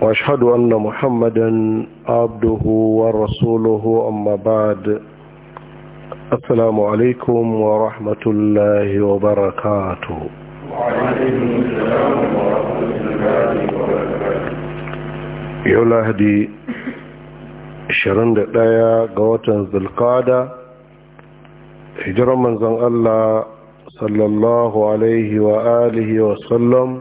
واشهد ان محمدا عبده ورسوله اما بعد السلام عليكم ورحمه الله وبركاته وعليكم السلام ورحمه الله وبركاته يا لهدي شرند دايا غوتن زلقادة هجر من زن الله صلى الله عليه وآله وسلم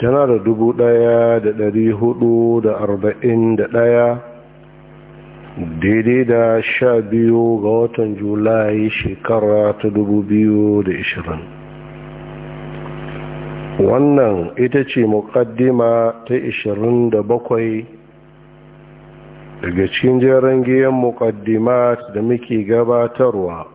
tana da dubu ɗaya da ɗari hudu da arba'in da ɗaya daidai da sha biyu ga watan julai shekara ta dubu biyu da ishirin wannan ita ce muƙaddima ta ishirin da bakwai daga cikin jeren giyan muƙaddima da muke gabatarwa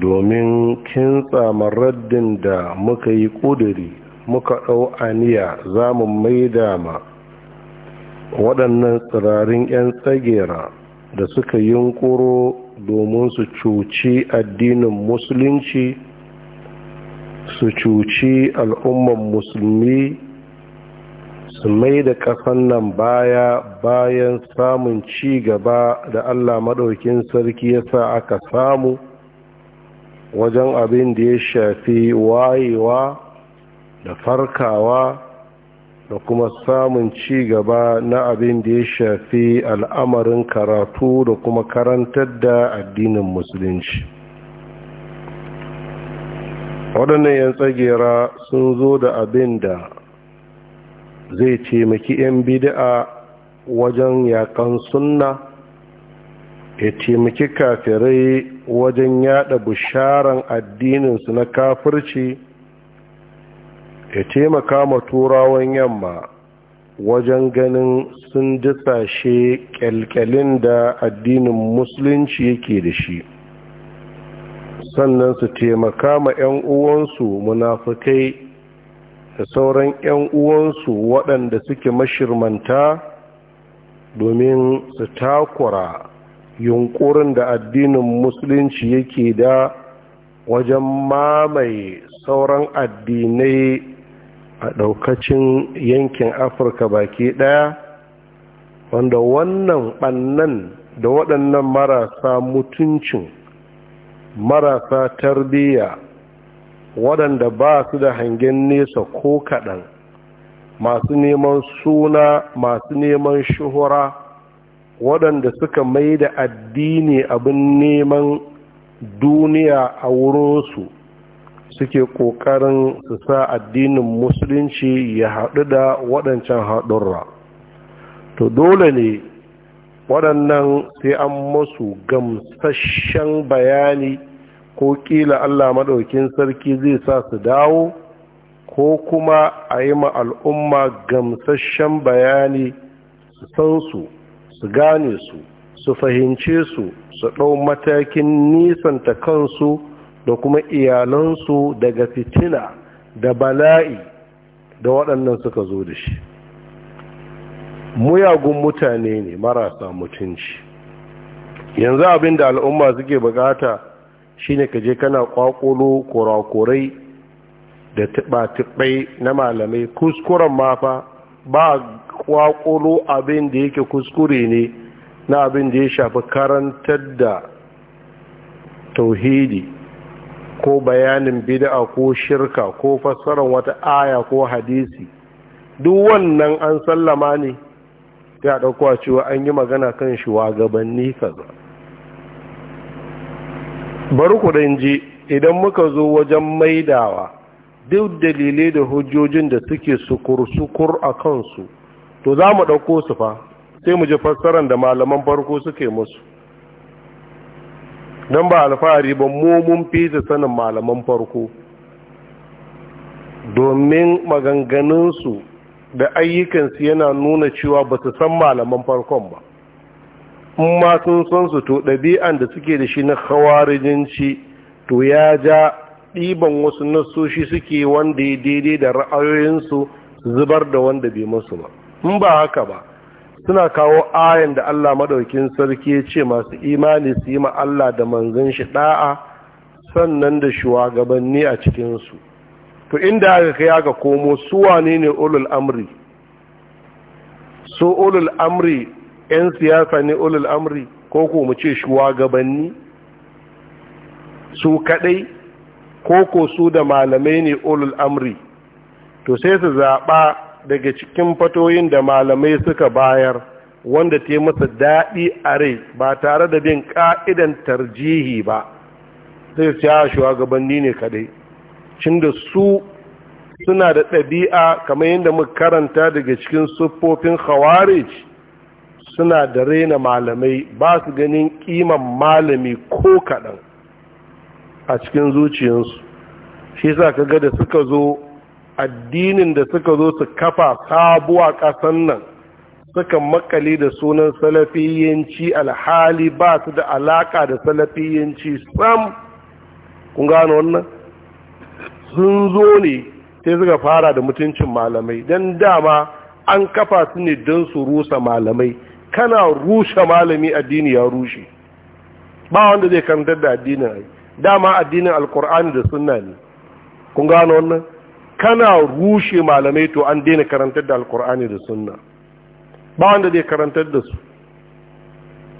domin kintsa maraddin da muka yi ƙuduri muka ɗau aniya za mu maida ma waɗannan tsirarin 'yan tsagera da suka yunkuro domin su cuci addinin musulunci su cuci al'umman musulmi su mai da ƙasan nan baya bayan samun ci gaba da allah maɗaukin sarki ya sa aka samu wajen abin da ya shafi wayewa da farkawa da kuma samun ci gaba na abin da ya shafi al'amarin karatu da kuma karantar da addinin musulunci waɗannan 'yan tsagera sun zo da abin da zai taimaki 'yan bida'a wajen yakan sunna ya taimaki kafirai wajen yada bisharan addininsu na kafirci ya taimaka ma turawan yamma wajen ganin sun shi kyalkyalin da addinin musulunci yake da shi sannan su taimaka ma 'yan uwansu munafukai da sauran 'yan uwansu waɗanda suke mashirmanta domin su takura yunkurin da addinin musulunci yake da wajen mamaye sauran addinai a ɗaukacin yankin afirka baki ɗaya wanda wannan ɓannan da waɗannan marasa mutuncin marasa tarbiyya waɗanda ba su da hangen nesa ko kaɗan masu neman suna masu neman shuhura waɗanda suka mai da addini abin neman duniya a wurinsu suke ƙoƙarin su sa addinin musulunci ya haɗu da waɗancan haɗurra to dole ne waɗannan sai an masu gamsashen bayani ko ƙila allah maɗaukin sarki zai sa su dawo ko kuma a yi ma al'umma gamsashen bayani su san su su gane su su fahimce su su ɗau matakin nisanta kansu da kuma iyalansu daga fitina da bala'i da waɗannan suka zo da shi muyagun mutane ne marasa mutunci yanzu abin da al'umma suke bukata shine ka je kana kwakolo kurakurai da tibatibai na malamai kuskuren mafa ba kwakolo abin da yake kuskure ne na abin da ya shafi karantar da tauhidi ko bayanin bid'a ko shirka ko fassarar wata aya ko hadisi duk wannan an sallama ne ta ɗauko cewa an yi magana kan shugabanni kaza bari ku ji idan muka zo wajen maidawa duk dalilai da hujjojin da suke sukur-sukur a kansu to za mu ɗauko su fa sai mu ji fassarar da malaman farko suke musu don ba alfahari ba mu mun fi sanin malaman farko domin maganganunsu da ayyukansu yana nuna cewa ba su san malaman farkon ba in ma sun san su to ɗabi'an da suke da shi na hawarijinci to ya ja ɗiban wasu nassoshi suke wanda ya daidai da ra'ayoyinsu zubar da wanda bai musu ba in ba haka ba suna kawo ayan da Allah maɗaukin sarki ya ce masu imani su yi ma Allah da manzon shi da'a sannan da shugabanni a cikin su to inda aka kai aka komo su wane ne ulul amri su ulul amri yan siyasa ne ulul amri ko ko mu ce shugabanni su kaɗai? ko ko su da malamai ne ulul amri to sai su zaɓa. daga cikin fatoyin da malamai suka bayar wanda ta masa daɗi a rai ba tare da bin ƙa'idan tarjihi ba zai siya shugabanni ne kadai cin da su suna da ɗabi'a kamar yadda muka karanta daga cikin siffofin khawarij suna da raina malamai ba su ganin ƙiman malami ko kaɗan a cikin zuciyarsu shi sa kaga da suka zo addinin da suka zo su kafa sabuwa ƙasan nan suka makale da sunan salafiyanci alhali ba su da alaka da salafiyanci sam kun gano wannan sun zo ne sai suka fara da mutuncin malamai don dama an kafa su ne don su rusa malamai kana rushe malami addini ya rushe ba wanda zai karantar da addinin ai dama addinin alkur'ani da sunna ne kun gano wannan kana rushe malamai to an daina karantar da alkur'ani da sunna ba wanda zai karantar da su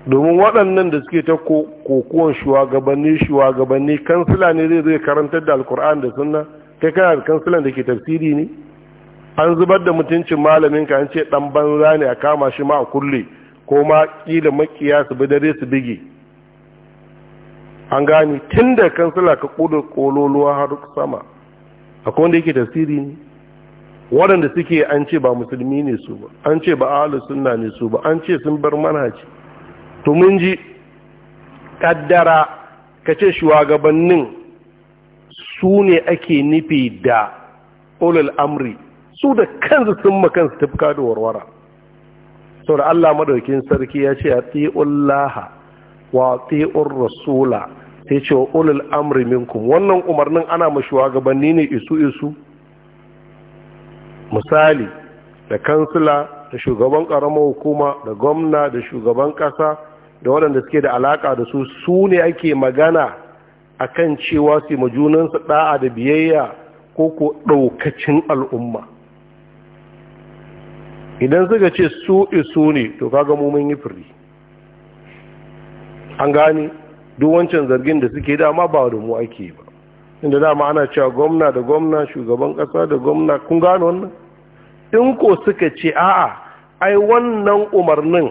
domin waɗannan da suke ta kokuwan shugabanni shugabanni kansila ne zai zai karantar da alkur'ani da sunna kai kana da kansilan da ke tafsiri ne an zubar da mutuncin malamin ka an ce dan banza ne a kama shi ma a kulle ko ma kila makiya su bi dare su bige an gani tun da kansila ka da kololuwa har sama akwai wanda yake tasiri ne waɗanda suke an ce ba musulmi ne su ba an ce ba ahalu sunna ne su ba an ce sun bar manhaji to mun ji kaddara ka ce shugabannin su ne ake nufi da ulul amri su da kansu sun ma kansu tafka da warwara sau da Allah madaukin sarki ya ce a tsi'ullaha wa tsi'ur rasula sai ce wa ulul amri minkum wannan umarnin ana ma shugabanni ne isu isu misali da kansila da shugaban karamar hukuma da gwamna da shugaban kasa da waɗanda suke da alaka da su su ne ake magana a kan cewa su ma junansu ɗa'a da biyayya ko ko ɗaukacin al'umma idan suka ce su isu ne to kaga mu mun yi firi an gane duk wancan zargin da suke dama ba da mu ake ba inda dama ana cewa gwamna da gwamna shugaban kasa da gwamna kun gano wannan in ko suka ce a'a ai wannan umarnin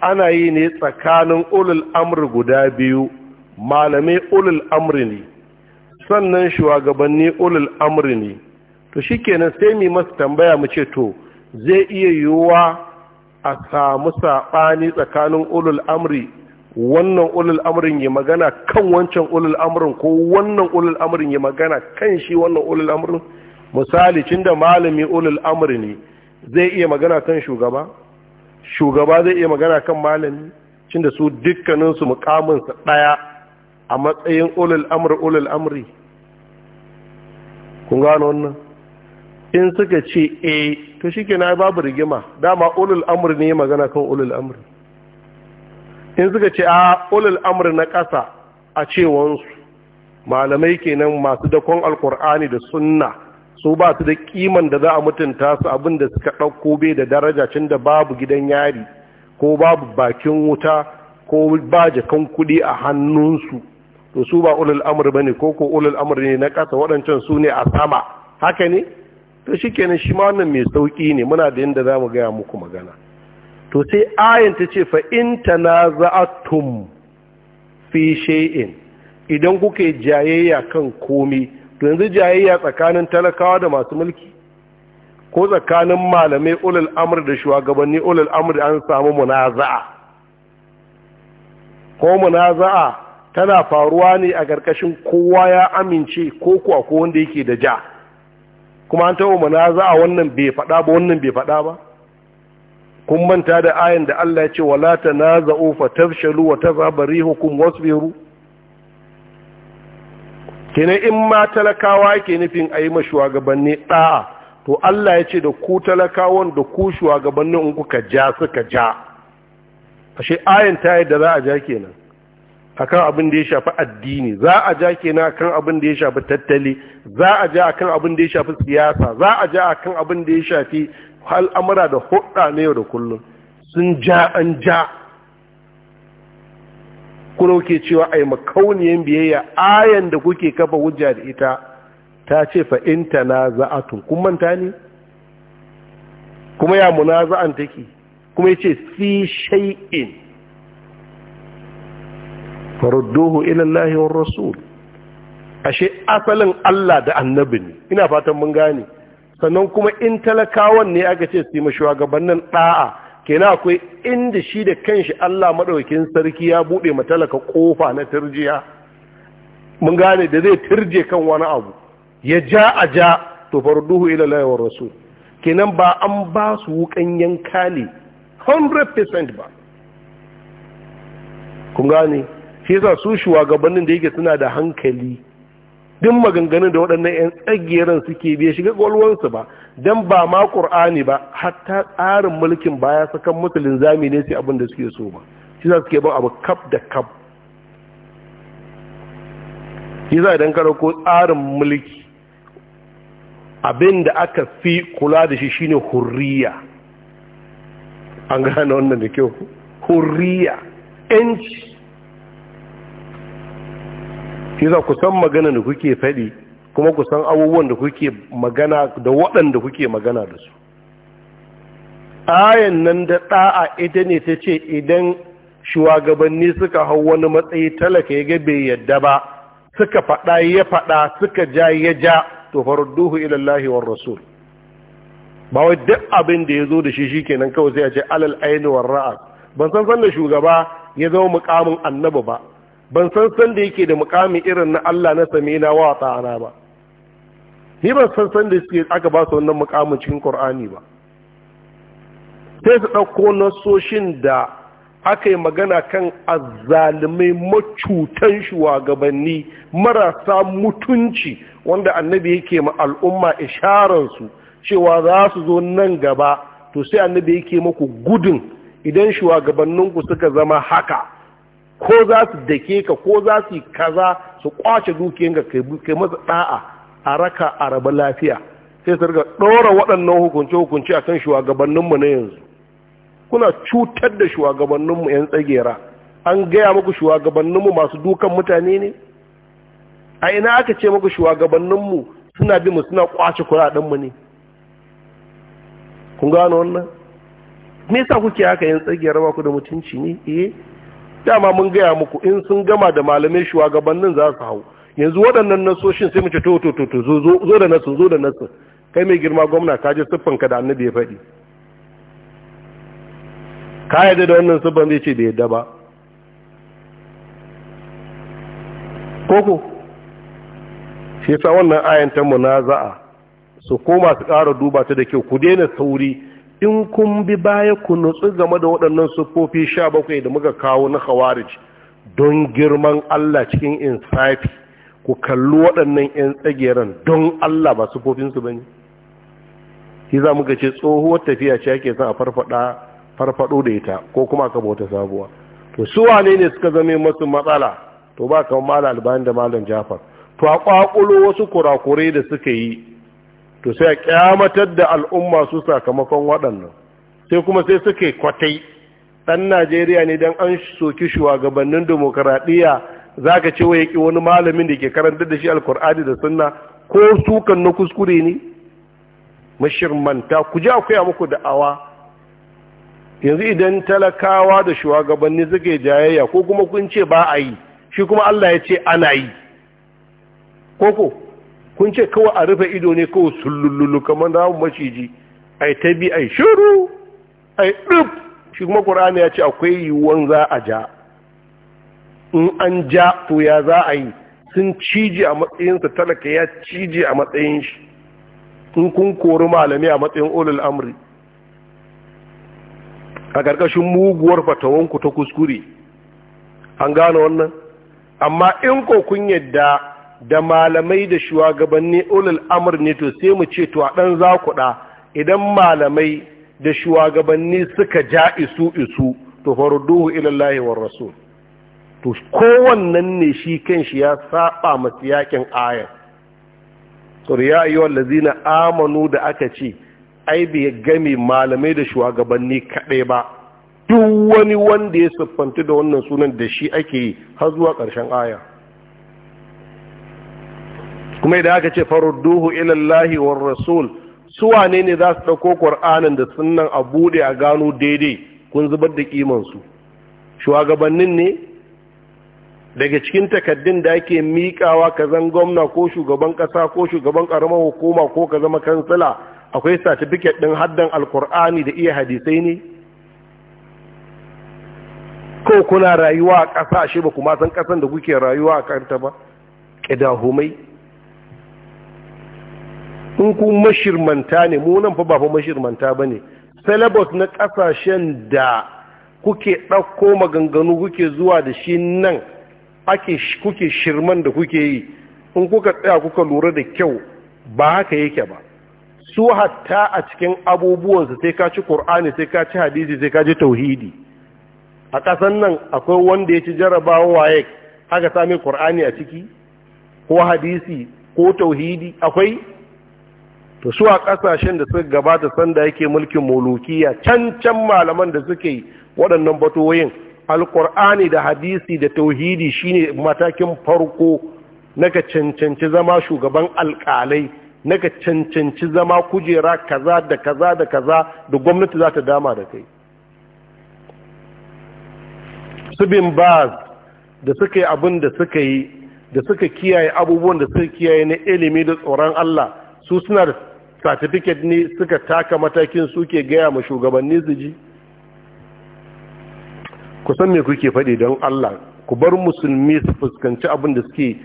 ana yi ne tsakanin ulul amr guda biyu malamai ulul amri ne sannan shugabanni ulul amri ne to shi kenan sai mu masu tambaya mu ce to zai iya yiwuwa a samu saɓani tsakanin ulul amri wannan ulul amrin ya magana kan wancan ulul amrin ko wannan ulul amrin ya magana kan shi wannan ulul amrin misali cinda malami ulul amri ne zai iya magana kan shugaba shugaba zai iya magana kan malami cinda su dukkaninsu mukaminsa ɗaya a matsayin ulul amri ulul amri kun gano wannan in suka ce eh to shikenan babu rigima dama ulul amri ne magana kan ulul amri in suka ce a ah, ulul amr na ƙasa a cewansu malamai kenan masu dakon alkur'ani da sunna su ba su da kiman da za a mutunta su abinda suka ɗauko bai da daraja cin da babu gidan yari ko babu bakin wuta ko ba jakan kuɗi a hannunsu to su ba ulul amr ne ko ko ulul amr ne na ƙasa waɗancan su ne a sama haka ne to kenan shi ma wannan mai sauƙi ne muna da yadda za mu gaya muku magana to sai ayin ta ce fa in tanaza'atum fi shay'in idan kuke jayayya kan komi to yanzu jayayya tsakanin talakawa da masu mulki ko tsakanin malamai ulul amr da shugabanni ulul amr an samu munaza'a ko munaza'a tana faruwa ne a ƙarƙashin kowa ya amince ko kuwa ko wanda yake da ja kuma an taɓa munaza'a wannan bai faɗa ba wannan bai faɗa ba kun manta da ayan da Allah ya ce wala tanaza'u fatafshalu wa tazabari hukum wasbiru kenan in ma talakawa yake nufin ayi ma shugabanni da'a to Allah ya ce da ku talakawon da ku shugabannin in kuka ja suka ja ashe ayan ta yadda za a ja kenan akan abin da ya shafi addini za a ja kenan akan abin da ya shafi tattali za a ja akan abin da ya shafi siyasa za a ja akan abin da ya shafi al'amura da hudda na yau da kullum sun ja an ja kuna ke cewa a yi makauniyan biyayya ayan da kuke kafa hujja da ita ta ce fa'inta na za'atun kun manta ne kuma ya muna za'an take kuma ya ce fi shai'in. farudduhu ilallahi wa rasul ashe asalin Allah da annabi ne ina fatan mun gane sannan kuma in talakawan ne aka ce su yi shugabannin ɗa'a kenan akwai inda shi da kanshi Allah maɗaukin sarki ya buɗe ma ƙofa na turjiya mun gane da zai turje kan wani abu ya ja a ja to farduhu ila layawar rasu kenan ba an ba su wukan yanka ne 100% ba kun gane shi yasa su shugabannin da yake suna da hankali duk maganganun da waɗannan 'yan tsagiyaran suke bai shiga gwalwansu ba don ba ma ƙur'ani ba hatta tsarin mulkin baya sakan musulun zami ne sai abin da suke so ba shi za suke ban abu kaf da kaf shi za idan kada ko tsarin mulki abin da aka fi kula da shi shine hurriya an gane wannan da kyau hurriya 'yanci shi za ku san magana da kuke faɗi kuma ku san abubuwan da kuke magana da waɗanda kuke magana da su ayan nan da ɗa'a ita ne ta ce idan shugabanni suka hau wani matsayi talaka ya ga bai yadda ba suka faɗa ya faɗa suka ja ya ja to farudduhu ila Allahi war rasul ba wai duk abin da ya zo da shi shikenan kawai sai a ce alal ainihin ra'a ban san san shugaba ya zama mukamin annabi ba ban san sanda yake da mukami irin na Allah na samina wa ta'ana ba ni ban san san da suke aka ba su wannan mukamin cikin Qur'ani ba sai su ɗauko nasoshin da aka yi magana kan azzalumai macutan shugabanni marasa mutunci wanda annabi yake ma al'umma su cewa za su zo nan gaba to sai annabi yake muku gudun idan shugabanninku suka zama haka ko za su dake ka ko za su yi kaza su kwace ka, kai masa da'a a raka a raba lafiya sai su riga ɗora waɗannan hukunce-hukunce a kan shugabanninmu na yanzu kuna cutar da shugabanninmu 'yan tsagera an gaya muku shugabanninmu masu dukan mutane ne a ina aka ce muku shugabanninmu suna bi mu suna kwace kuraɗinmu ne kun gano wannan me yasa kuke haka 'yan tsagera ba ku da mutunci ne eh dama mun gaya muku in sun gama da malamai shugabannin za su hau yanzu waɗannan nasoshin sai mu ce to to zo da nasu zo da nasu kai mai girma gwamna ka ji siffanka da annabi ya faɗi ka yadda da wannan siffan zai ce bai yadda ba koko shi sa wannan ayan ta za'a su koma su ƙara duba ta da kyau ku daina sauri in kun bi baya ku nutsu game da waɗannan siffofi sha bakwai da muka kawo na khawarij don girman Allah cikin insafi ku kalli waɗannan 'yan tsageren don Allah ba siffofinsu ba ne shi za muka ce tsohuwar tafiya ce ake son a farfaɗo da ita ko kuma ka bauta sabuwa to su wane ne suka zame masu matsala to ba kamar malam albani da malam jafar to a kwakulo wasu kurakurai da suka yi to sai a kyamatar da al'umma su sakamakon waɗannan sai kuma sai suke kwatai ɗan najeriya ne don an soki shugabannin demokaradiyya za ka ce wa yaƙi wani malamin da ke karantar da shi alkur'ani da sunna ko sukan na kuskure ne mashirmanta ku ji akwai muku da'awa yanzu idan talakawa da shugabanni suke jayayya ko kuma kun ce ba a yi shi kuma allah ya ce ana yi koko kun ce kawai a rufe ido ne kawai sullullu kamar da abu maciji ai ta bi ai shiru ai duk. shi kuma ya ce akwai yiwuwan za a ja in an ja to ya za a yi sun cije a matsayinsa talaka ya ciji a matsayin shi in kun kori malami a matsayin olul amri a ƙarƙashin muguwar fatawanku ta kuskure an gane wannan amma in ko kun yadda da malamai da shugabanni ulul amr ne to sai mu ce to a dan zakuda idan malamai da shugabanni suka ja isu isu to farduhu ila Allah war rasul to kowannan ne shi kanshi ya saba masu yakin aya to ya ayyuhal amanu da aka ce ai bai game malamai da shugabanni kadai ba duk wani wanda ya siffanta da wannan sunan da shi ake yi har zuwa ƙarshen aya kuma idan aka ce farudduhu ila Allah war rasul su wane ne za su dauko Qur'anin da sunnan a bude a gano daidai kun zubar da kiman su shugabannin ne daga cikin takaddun da ake mikawa zan gwamna ko shugaban ƙasa ko shugaban karamar hukuma ko ka zama kansila akwai certificate din haddan alkur'ani da iya hadisai ne ko kuna rayuwa a shi ba kuma san ƙasan da kuke rayuwa a karta ba ƙidahumai in ku mashirmanta ne mu nan fa ba fa mashirmanta ba ne. syllabus na ƙasashen da kuke ɗauko maganganu kuke zuwa da shi nan ake kuke shirman da kuke yi in kuka tsaya kuka lura da kyau ba haka yake ba su hatta a cikin abubuwansu sai ka ci Kur'ani, sai ka ci hadisi sai ka ji tauhidi a ƙasan nan akwai wanda ya ci jarabawa waye aka sami Kur'ani a ciki ko hadisi ko tauhidi akwai to su a kasashen da suka gabata sanda yake mulkin mulukiya can can malaman da suke waɗannan batoyin alkur'ani da hadisi da tauhidi shine matakin farko naka cancanci zama shugaban alkalai naka cancanci zama kujera kaza da kaza da kaza da gwamnati za ta dama da kai su bin baz da suka yi abin da suka yi da suka kiyaye abubuwan da suka kiyaye na ilimi da tsoron Allah su suna da certificate ne suka taka matakin suke gaya ma shugabanni su ji ku san me kuke faɗi don Allah ku bar musulmi su fuskanci abin da suke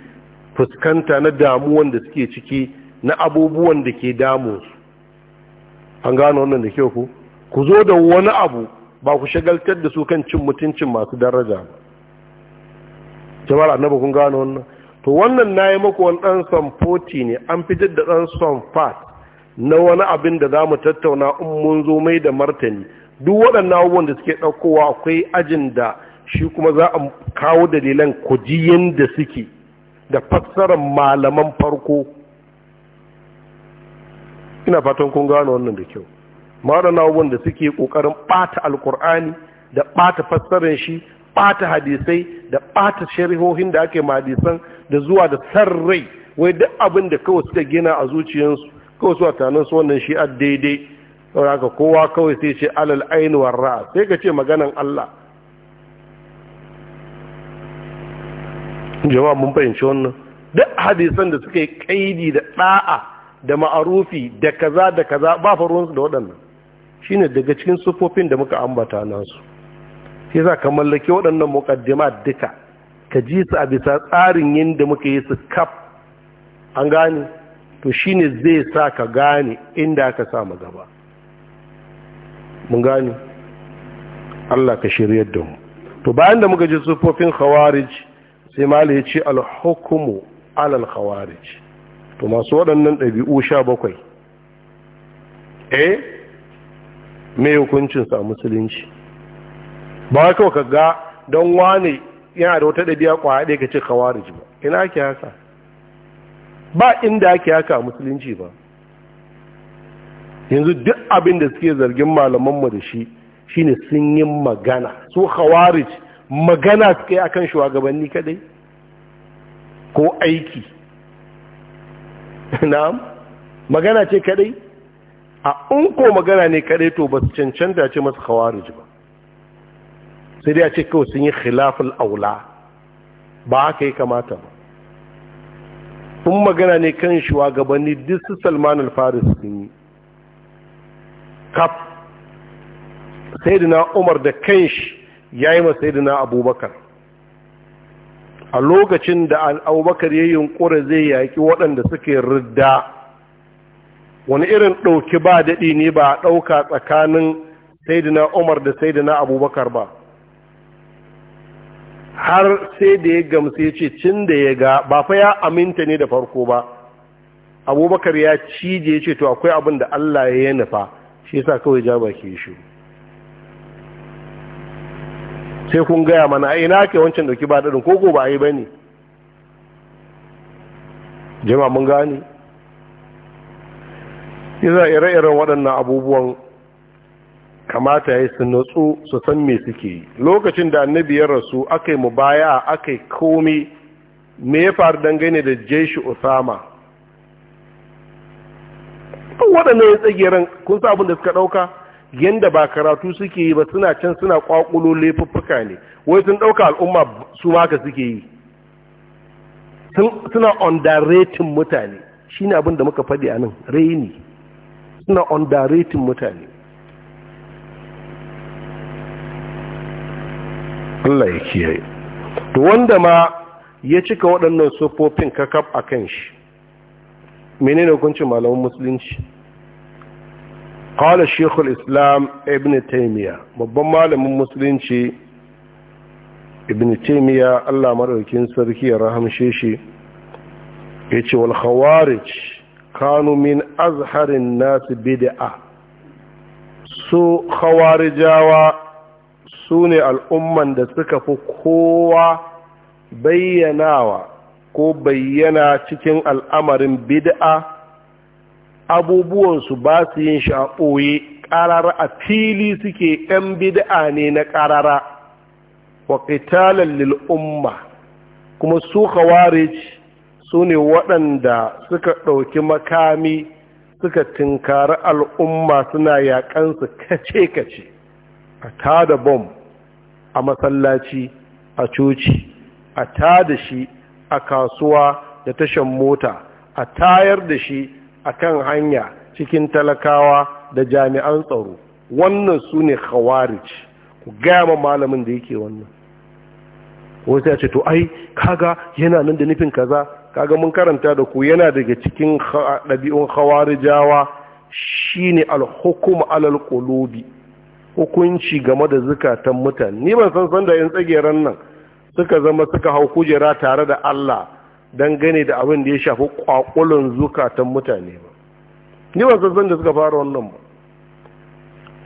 fuskanta na damuwan da suke ciki na abubuwan da ke damunsu an gano wannan da kyau ku ku zo da wani abu ba ku shagaltar da su kan cin mutuncin masu daraja ba jama'ar annabi kun gano wannan to wannan na yi maku wani ɗan samfoti ne an fitar da ɗan samfat na wani abin da za mu tattauna in mun zo mai da martani duk waɗannan abubuwan da suke ɗaukowa akwai ajin da shi kuma za a kawo dalilan kujiyin da suke da fassarar malaman farko ina fatan kun gano wannan da kyau da abubuwan da suke ƙoƙarin ɓata alkur'ani da ɓata fassarar shi ɓata hadisai da ɓata sharihohin da ake ma da zuwa da sarrai wai duk abin da kawai suka gina a zuciyarsu kawai su a tunanin su wannan shi daidai saboda haka kowa kawai sai ce alal ainihin ra'a sai ka ce maganan Allah jama'a mun fahimci wannan duk hadisan da suka yi kaidi da da'a da ma'arufi da kaza da kaza ba faruwansu da waɗannan shine daga cikin sufofin da muka ambata nasu shi za ka mallake waɗannan muƙaddima duka ka ji su a bisa tsarin yadda muka yi su kaf an gane to shine zai sa ka gane inda aka samu gaba mun gane Allah ka shiryar da mu to bayan da muka ji sufofin khawarij sai malai ya ce al-hukmu alal khawarij to masu waɗannan ɗabi'u sha bakwai eh mai hukuncinsa a musulunci ba kawai ka ga don wane yana da wata ɗabi'a kwa haɗe ka ce khawarij ba ina ake haka ba inda ake haka musulunci ba yanzu duk abin da suke zargin malamanmu da shi shine sun yi magana su khawarij magana suke akan shugabanni kadai ko aiki na'am magana ce kadai a unko magana ne kadai to ba su cancanta ce masu khawarij ba sai dai a ce kawai sun yi khilaful aula ba haka ya kamata ba sun magana ne kan shugabanni duk su salman alfaris sun yi kaf na umar da kanshi ya yi ma na abubakar a lokacin da abubakar ya yi yunkura zai yaƙi waɗanda suke rida wani irin ɗauki ba daɗi ne ba a ɗauka tsakanin na umar da na abubakar ba har sai da ya gamsu ya ce cin da ya ga ba fa ya aminta ne da farko ba abubakar ya cije ya ce to akwai abin da allah ya yi nufa shi yasa kawai ja baki shi sai kun gaya mana a ina ke wancan dauki ba daɗin koko ba a yi ba ne jama mun gane Yasa ire-iren waɗannan abubuwan kamata ya su nutsu su san me suke yi lokacin da annabi ya rasu aka yi mu baya aka yi komi me ya faru dangane da jeshi usama waɗanda ya ran kun sa abin da suka ɗauka yadda ba karatu suke yi ba suna can suna ƙwaƙulo laifuffuka ne wai sun ɗauka al'umma su maka suke yi suna underrating mutane shine abin da muka faɗi a nan raini suna underrating mutane Allah ya kiyaye to wanda ma ya cika waɗannan sufofin kakaf a kan shi menene hukuncin malamin musulunci qala shekul islam ibn taymiya babban malamin musulunci ibn taymiya Allah madaukakin sarki ya rahamshe shi yace wal khawarij kanu min azharin nas bid'a su khawarijawa su ne al'umman da suka fi kowa bayyanawa ko bayyana cikin al'amarin bid'a abubuwansu ba su yin shaɓoye ƙarara a fili suke ‘yan bid'a ne na ƙarara wa ƙitalar lil'umma kuma su khawarij su ne waɗanda suka ɗauki makami suka tinkari al'umma suna yaƙansu kace-kace a tada bomb a masallaci a coci a ta da shi a kasuwa da tashan mota a tayar da shi a kan hanya cikin talakawa da jami'an tsaro wannan su ne khawarij ku gaya ma malamin da yake wannan wasu ya ce to ai kaga yana nan da nufin kaza kaga mun karanta da ku yana daga cikin ɗabi'un khawarijawa shine ne alhukum hukunci game da zukatan mutane ni ban san san da yin tsageren nan suka zama suka hau kujera tare da Allah don gane da abin da ya shafi kwakulun zukatan mutane ba ni ban san san da suka fara wannan ba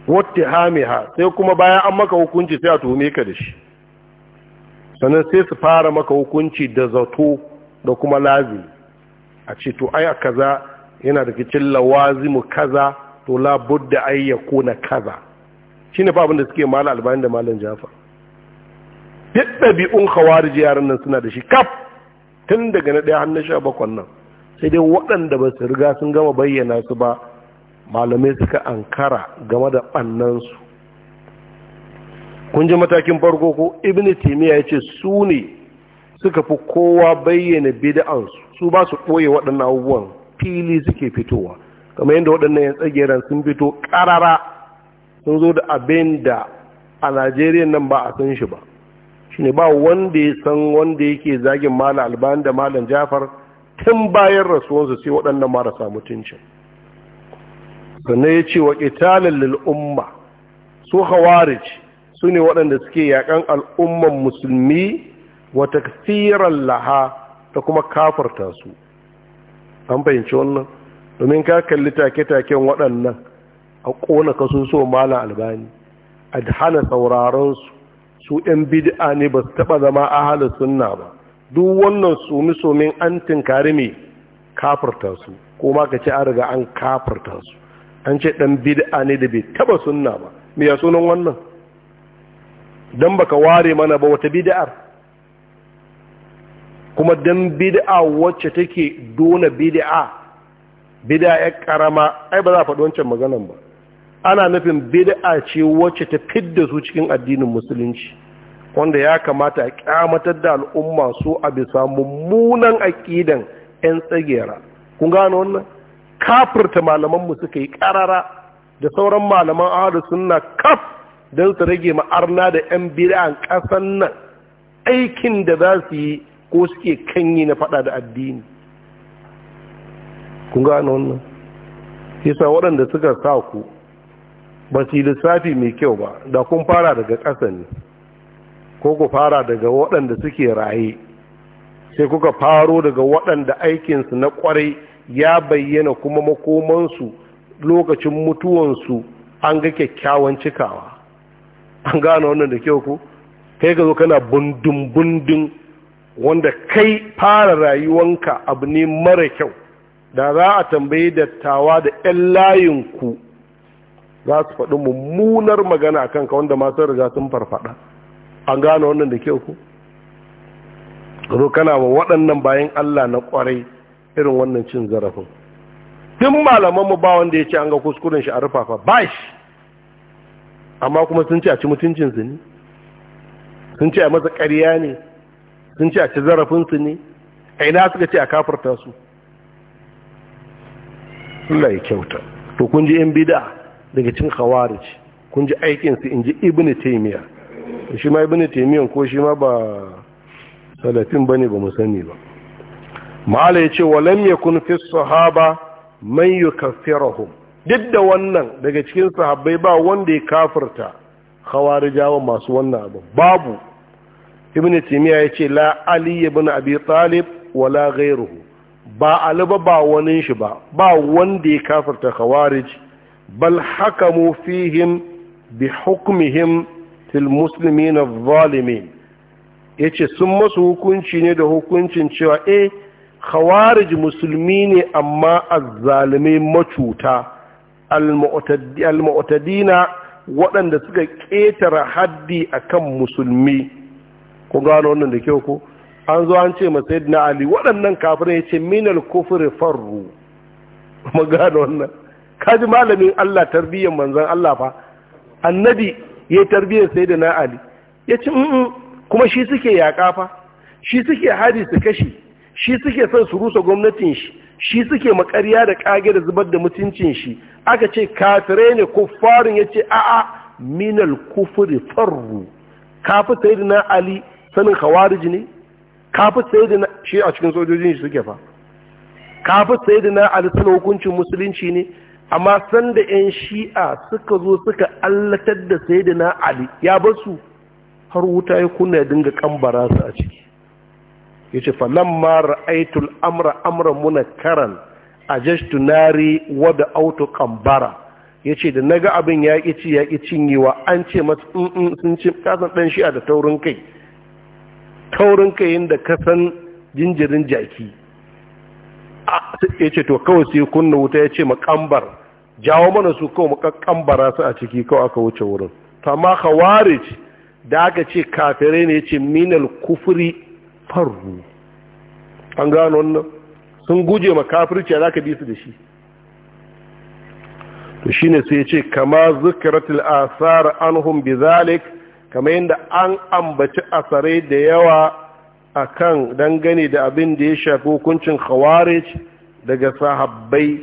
wata hamiha sai kuma bayan an maka hukunci sai a tuhume ka da shi sannan sai su fara maka hukunci da zato da kuma lazi a ce to ai kaza yana da kicin lawazimu kaza to labudda ai ya kona kaza shine ne abin da suke mala albani da malam jafar duk ɗabi'un khawarij yaran nan suna da shi kaf tun daga na ɗaya hannun sha bakon nan sai dai waɗanda ba su riga sun gama bayyana su ba malamai suka ankara game da ɓannansu kun ji matakin farko ko ibn timiya ya ce su ne suka fi kowa bayyana bida'an su ba su ɓoye waɗannan abubuwan fili suke fitowa kamar yadda waɗannan yan tsageren sun fito ƙarara sun zo da abin da a najeriya nan ba a san shi ba shi ne ba wanda ya san wanda yake zagin malam albani da malam jafar tun bayan rasuwansu sai waɗannan marasa mutuncin sannan ya ce wa italin lil'umma su hawarij su ne waɗanda suke yaƙan al'umman musulmi wata takfiran laha ta kuma kafarta su an fahimci wannan domin ka kalli take-taken waɗannan a kona so malam albani a hana sauraron su su yan bid'a ne ba su taba zama hala sunna ba duk wannan sumi-sumin an tinkari mai kafirta su ko ma ka ce an riga an kafirta su an ce dan bid'a ne da bai taba sunna ba me ya sunan wannan dan baka ware mana ba wata bid'ar kuma dan bid'a wacce take dona bid'a bid'a ya karama ai ba za a faɗi wancan maganan ba ana nufin bid'a ce wacce ta fidda su cikin addinin musulunci wanda ya kamata a kyamatar da al'umma su a bisa mummunan aƙidan ƴan tsagera kun gano wannan kafirta malamanmu suka yi ƙarara da sauran malaman ahadu suna kaf don su rage ma'arna da 'yan bid'an ƙasan nan aikin da za su yi ko suke kanyi na faɗa da addini kun gano wannan yasa waɗanda suka sa ku ba su yi lissafi mai kyau ba da kun fara daga ƙasa ne ko ku fara daga waɗanda suke raye sai kuka faro daga waɗanda aikinsu na ƙwarai ya bayyana kuma makomansu lokacin mutuwansu an ga kyakkyawan cikawa an gane wannan da kyau ku kai ka zo kana bundun-bundun wanda kai fara rayuwanka abu ne mara kyau da za a tambayi dattawa da 'yan layinku za su faɗi mummunar magana a kanka wanda masu riga sun farfaɗa. an gane wannan da kyau ku zo kana wa waɗannan bayan allah na ƙwarai irin wannan cin zarafin tun malaman mu ba wanda ya ce an ga kuskuren shi a rufafa ba shi amma kuma sun ce a ci mutuncinsu ne sun ce a masa ƙarya ne sun ce a ci zarafinsu ne a ina suka ce a kafarta su Allah ya kyauta to kun ji yan bid'a daga cin khawarij kun ji aikinsu in ji ibn taimiyya shi ma ibn taimiyyan ko shi ma ba salafin ba ne ba mu sani ba ma'ala ya ce walam ya kun fi sahaba man yi kafirahun duk da wannan daga cikin sahabbai ba wanda ya kafirta khawarijawa masu wannan abu babu ibn taimiyya ya ce la ali ibn abi talib wala ghairuhu ba ali ba ba wani shi ba ba wanda ya kafirta khawarij bal hakamu fihim bi hukmihim fil muslimin yace sun masu hukunci ne da hukuncin cewa eh khawarij musulmi ne amma azzalimai macuta al-mu'tadina waɗanda suka ƙetare haddi akan musulmi ku gano wannan da kyau ko an zo an ce masa na ali waɗannan kafirai ya ce minal kufri farru mu gano wannan kaji malamin Allah tarbiyyar manzon Allah fa annabi ya tarbiyyar sayyidina Ali ya ci kuma shi suke yaƙa fa shi suke hari su kashi shi suke son su rusa gwamnatin shi shi suke makariya da kage da zubar da mutuncin shi aka ce kafirai ne kuffarin ya ce a? minal kufuri farru kafi sayyidina Ali sanin khawarij ne kafi sayyidina shi a cikin sojojin shi suke fa kafi sayyidina Ali sanin hukuncin musulunci ne amma sanda 'yan shi'a suka zo suka allatar da saidina ali ya basu har wuta ya kuna ya dinga kambara su a ciki ya ce mara ra'aitul amra amra muna karan a jashtu tunari wadda auto kambara ya ce da naga abin ya ci ya cinyewa an ce masu mm, mm, sun ce kasan ɗan shi'a da taurin kai taurin kai da kasan jinjirin jaki ya ce to kawai sai kunna wuta ya ce makambar jawo mana su kawai makambara su a ciki kawai aka wuce wurin to amma khawarij da aka ce kafirai ne ya ce minal kufri farru an gano wannan sun guje ma kafirci za ka bi su da shi to shine sai ya ce kama zikratil asar anhum bizalik kama yanda an ambaci asarai da yawa Akan dangane da abin da ya shafi hukuncin khawarij daga sahabbai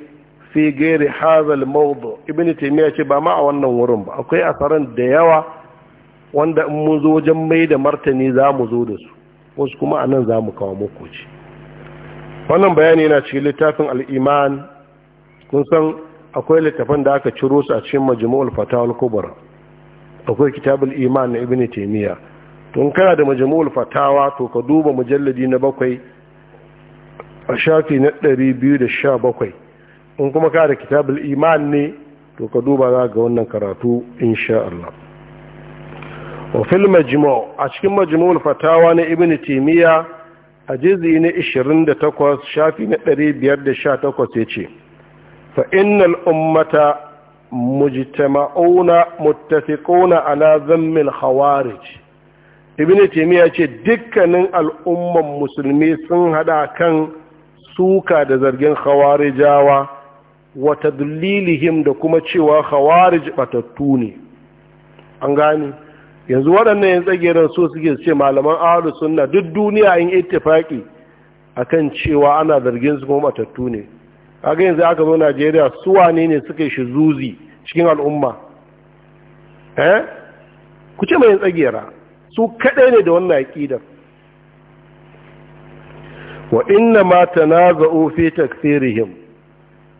fi gairi hazal mawdu ibn taymiya ce ba ma a wannan wurin ba akwai asaran da yawa wanda in mun zo wajen mai da martani za mu zo da su wasu kuma a nan za mu kawo muku ce wannan bayani yana cikin littafin al'iman kun san akwai littafin da aka ciro su a cikin majmu'ul fatawul kubra akwai kitabul iman na ibn taymiya tun kana da majamul fatawa to ka duba mujalladi na bakwai a shafi na ɗari biyu da sha bakwai in kuma ka da kitabul iman ne to ka duba za ga wannan karatu insha Allah wa fil majmu' a cikin majmul fatawa na ibnu Timiya, a jizi na 28 shafi na 518 yace fa innal ummata mujtama'una muttafiquna ala dhammil khawarij ibn taymiya ce dukkanin al'umman musulmi sun hada kan suka da zargin khawarijawa wa tadlilihim da kuma cewa khawarij batattu ne an gane yanzu waɗannan yan tsagerar so suke ce malaman ahlu sunna duk duniya in ittifaki akan cewa ana zargin su kuma batattu ne kaga yanzu aka zo Najeriya su wane ne suka shi zuzi cikin al'umma eh ku ce mai su kaɗai ne da wannan aƙidar wa inna ma za'o fi taksirihim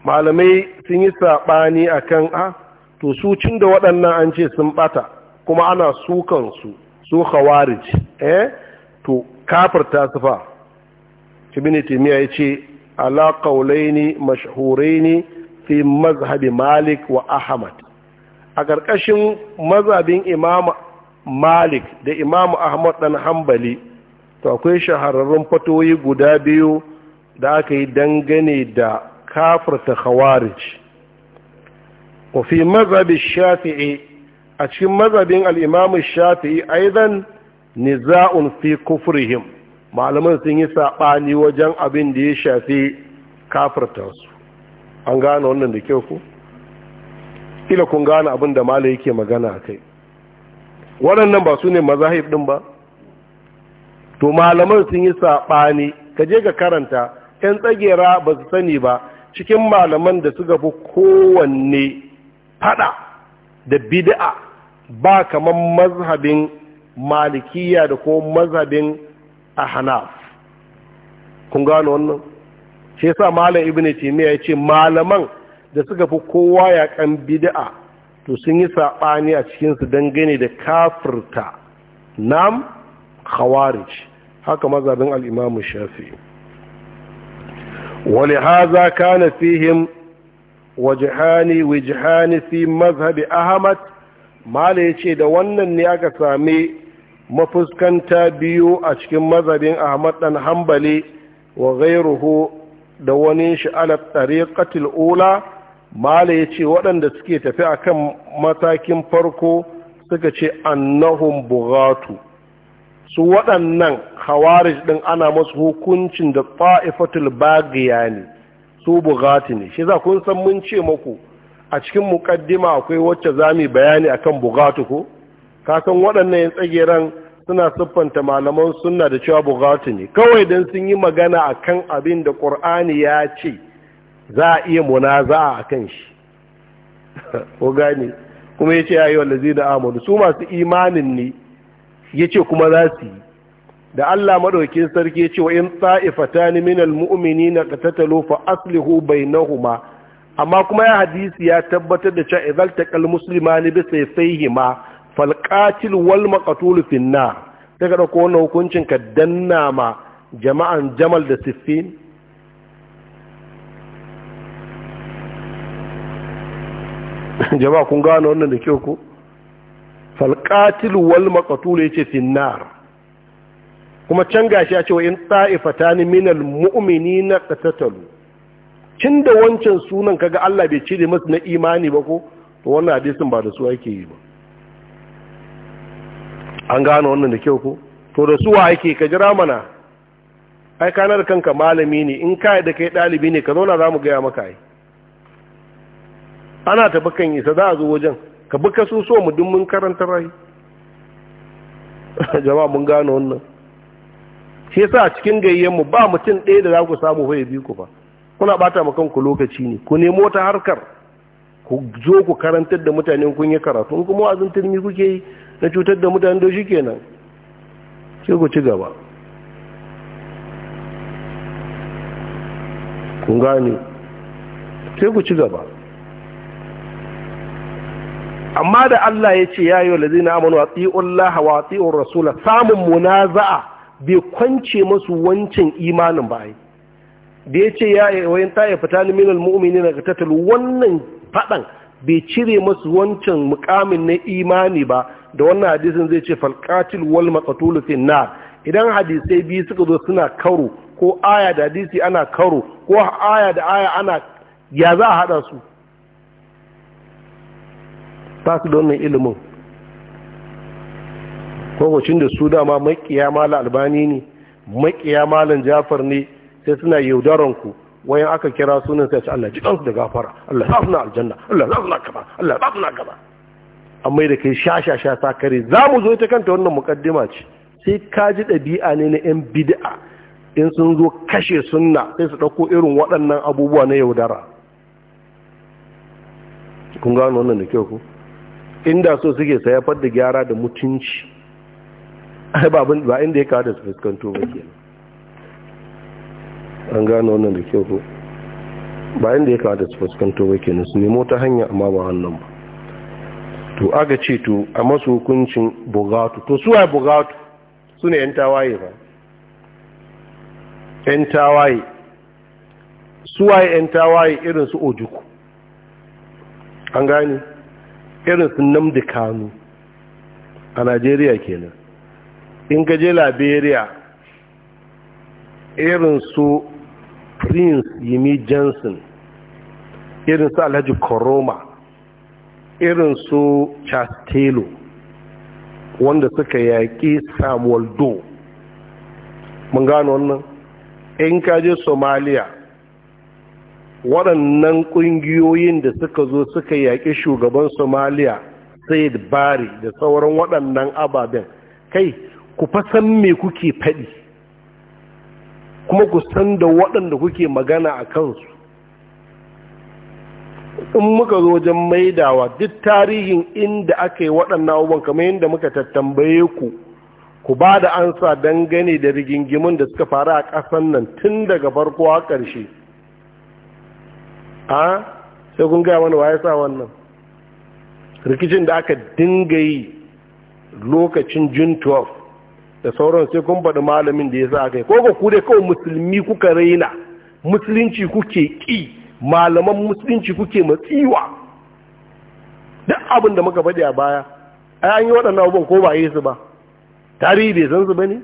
malamai sun yi saɓani akan a ah, to su cin da waɗannan an ce sun ɓata kuma ana sukan su su khawarij eh to ta su fa ibn ya ce, ala qawlaini mashhuraini fi mazhabi malik wa ahmad a ƙarƙashin mazhabin Imama. malik da imamu ahmad dan hambali to akwai shahararrun fatoyi guda biyu da aka yi dangane da kafirta khawarij wa fi shafi'i a cikin mazhabin al'imamu shafi'i aizan niza'un fi kufrihim malaman sun yi saɓani wajen abin da ya shafi kafirta su an gane wannan da kyau ku ila kun gane abin da malai yake magana a kai waɗannan ba su ne mazahib ɗin ba to malaman sun yi saɓani ka je ka karanta 'yan tsagera ba su sani ba cikin malaman da suka fi kowanne fada da bid'a ba kamar mazhabin malikiya da ko mazhabin a hanaf kun gano wannan shi yasa malam ibnu taymiya ya ce malaman da suka fi kowa yakan bid'a to sun yi saɓani a cikinsu dangane da kafirta nam khawarij haka mazabin al'imamu shafi wani haza na fihim wajihani wajihani fi mazhabi ahmad mala ya ce da wannan ne aka sami mafuskanta biyu a cikin mazhabin ahmad ɗan hambali wa gairuhu da wani sha'alar ɗariƙatul ula mala ya ce waɗanda suke tafi a kan matakin farko suka ce annahun bugatu su waɗannan hawarij ɗin ana masu hukuncin da ta'ifatul bagiya ne su bugati ne shi za kun san mun ce maku a cikin mukaddima akwai wacce za mu bayani akan bugatu ko kasan waɗannan yan tsageren suna siffanta malaman sunna da cewa bugatu ne kawai don sun yi magana a kan abin da ƙur'ani ya ce za a iya munaza'a a kan shi ko gane kuma ya ce ya yi wallazi da Ahmadu su masu imanin ne ya ce kuma za su yi da Allah maɗaukin sarki ya ce wa in ta'ifata ni minal mu'mini na katatalo fa aslihu bainahuma amma kuma ya hadisi ya tabbatar da cewa idzal taqal muslimani bi sayfihima fal qatil wal maqtul fi an-nar daga da wannan hukuncin ka danna ma jama'an jamal da siffin jama'a kun gano wannan da kyau ko falqatil wal maqtul yace finnar kuma can gashi a wa in ta'ifatan minal mu'minina qatatalu cin da wancan sunan kaga Allah bai cire masu na imani ba ko to wannan hadisin ba da su ake yi ba an gano wannan da kyau ko to da su wa ake ka jira mana ai kanar kanka malami ne in kai da kai dalibi ne ka zauna zamu gaya maka ai ana ta bakan isa za a zo wajen ka bi ka so mu duk mun karanta rai jama'a mun gano wannan shi yasa a cikin gayyen mu ba mutum ɗaya da za ku samu ya bi ku ba kuna bata ma kanku lokaci ne ku nemo ta harkar ku zo ku karantar da mutane kun yi karatu kuma azin turmi kuke yi na cutar da mutane da shi kenan sai ku ci gaba kun gane sai ku ci gaba amma da Allah ya ce yayi walazina amanu laha wa atiur rasula samun munaza'a bai kwance masu wancan imanin ba yi da ya ce ya wayan ta ya fita ni minal na ga wannan faɗan bai cire masu wancan mukamin na imani ba da wannan hadisin zai ce falkatil wal maqtul fi nar idan hadisai biyu suka zo suna karo ko aya da hadisi ana karo ko aya da aya ana ya su ba su da wannan ilimin kogocin da su dama makiya malar albani ne makiya malar jafar ne sai suna yaudaranku wayan aka kira sunan sai Allah ji kansu da gafara Allah za su na aljanna Allah za su na Allah za su na amma da kai sha sha sha ta kare za mu zo ita kanta wannan mukaddima ce sai ka ji ɗabi'a ne na yan bid'a in sun zo kashe sunna sai su ɗauko irin waɗannan abubuwa na yaudara kun gano wannan da kyau ku inda so suke saya fadda gyara da mutunci ba inda ya kawo da su fuskanto ba ke an gano wannan da kyau ba inda ya kawo da su fuskanto ba ke su nemo ta hanya amma ba wannan ba to aga ce to a masu hukuncin bugatu to suwa bugatu su ne 'yan tawaye ba 'yan tawaye suwaye 'yan tawaye irin su ojuku an gani irin su namdi kanu a najeriya kenan in gaje liberia irin su prince yimi johnson irin su alhaji koroma irin su chastelo wanda suka yaƙi samuel doe mun gano wannan in je somalia waɗannan ƙungiyoyin da suka zo suka yaƙi shugaban somaliya sayid bari da sauran waɗannan ababen kai ku fasan me kuke faɗi kuma ku san da waɗanda kuke magana a kansu in muka zo wajen maidawa duk tarihin inda aka yi waɗannan abubuwan kamar yadda muka tattambaye ku ku ba da ansa dangane da rigingimun da suka faru a ƙasan nan tun daga farko a ƙarshe a sai kun gaya wani waye sa wannan rikicin da aka dinga yi lokacin june 12 da sauran sai kun faɗi malamin da ya sa aka yi ko ku dai kawai musulmi kuka raina musulunci kuke ƙi malaman musulunci kuke matsiwa duk abin da muka faɗi a baya ai an yi waɗannan abubuwan ko ba yi su ba tarihi bai san su ba ne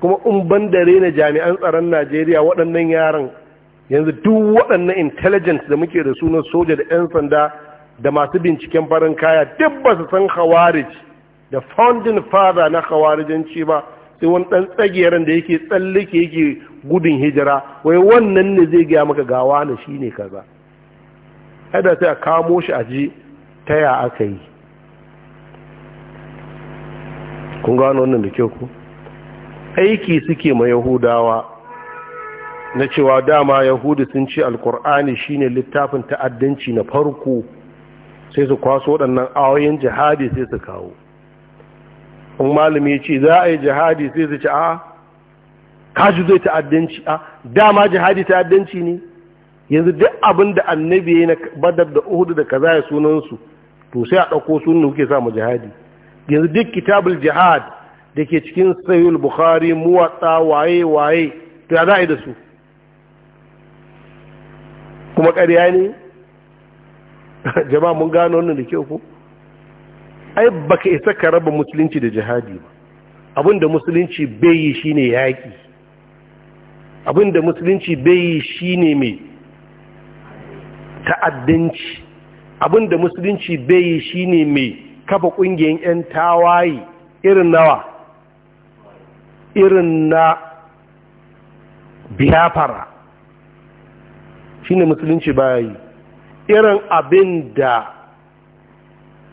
kuma in ban da raina jami'an tsaron najeriya waɗannan yaran yanzu duk waɗannan intelligence da muke da sunan soja da 'yan sanda da masu binciken farin kaya duk ba su san khawarij da founding father na khawarijanci ba sai wani ɗan tsagiyar da yake tsallake yake gudun hijira wai wannan ne zai gaya maka gawa na shi ne kaza Kada sai a kamo shi a ji ta aka yi kun gano wannan da kyau ku aiki suke ma yahudawa na cewa dama yahudu sun ce alkur'ani shine littafin ta'addanci na farko sai su kwaso waɗannan ayoyin jihadi sai su kawo in malami ya ce za a yi jihadi sai su ce a kashi zai ta'addanci a dama jihadi ta'addanci ne yanzu duk abin da annabi ya na badar da uhudu da kaza ya sunansu to sai a ɗauko sunan kuke samu jihadi yanzu duk kitabul jihad da ke cikin sayul bukhari muwatsa waye waye to ya za a yi da su kuma ƙarya ne jama'a mun gano wannan da kyau ko ai baka isa ka raba musulunci da jihadi ba abinda musulunci bai yi shine yaƙi abinda musulunci bai yi shine mai ta'addanci abinda musulunci bai yi shine mai kafa ƙungiyar 'yan tawaye irin nawa irin na biyafara shine musulunci baya irin abin da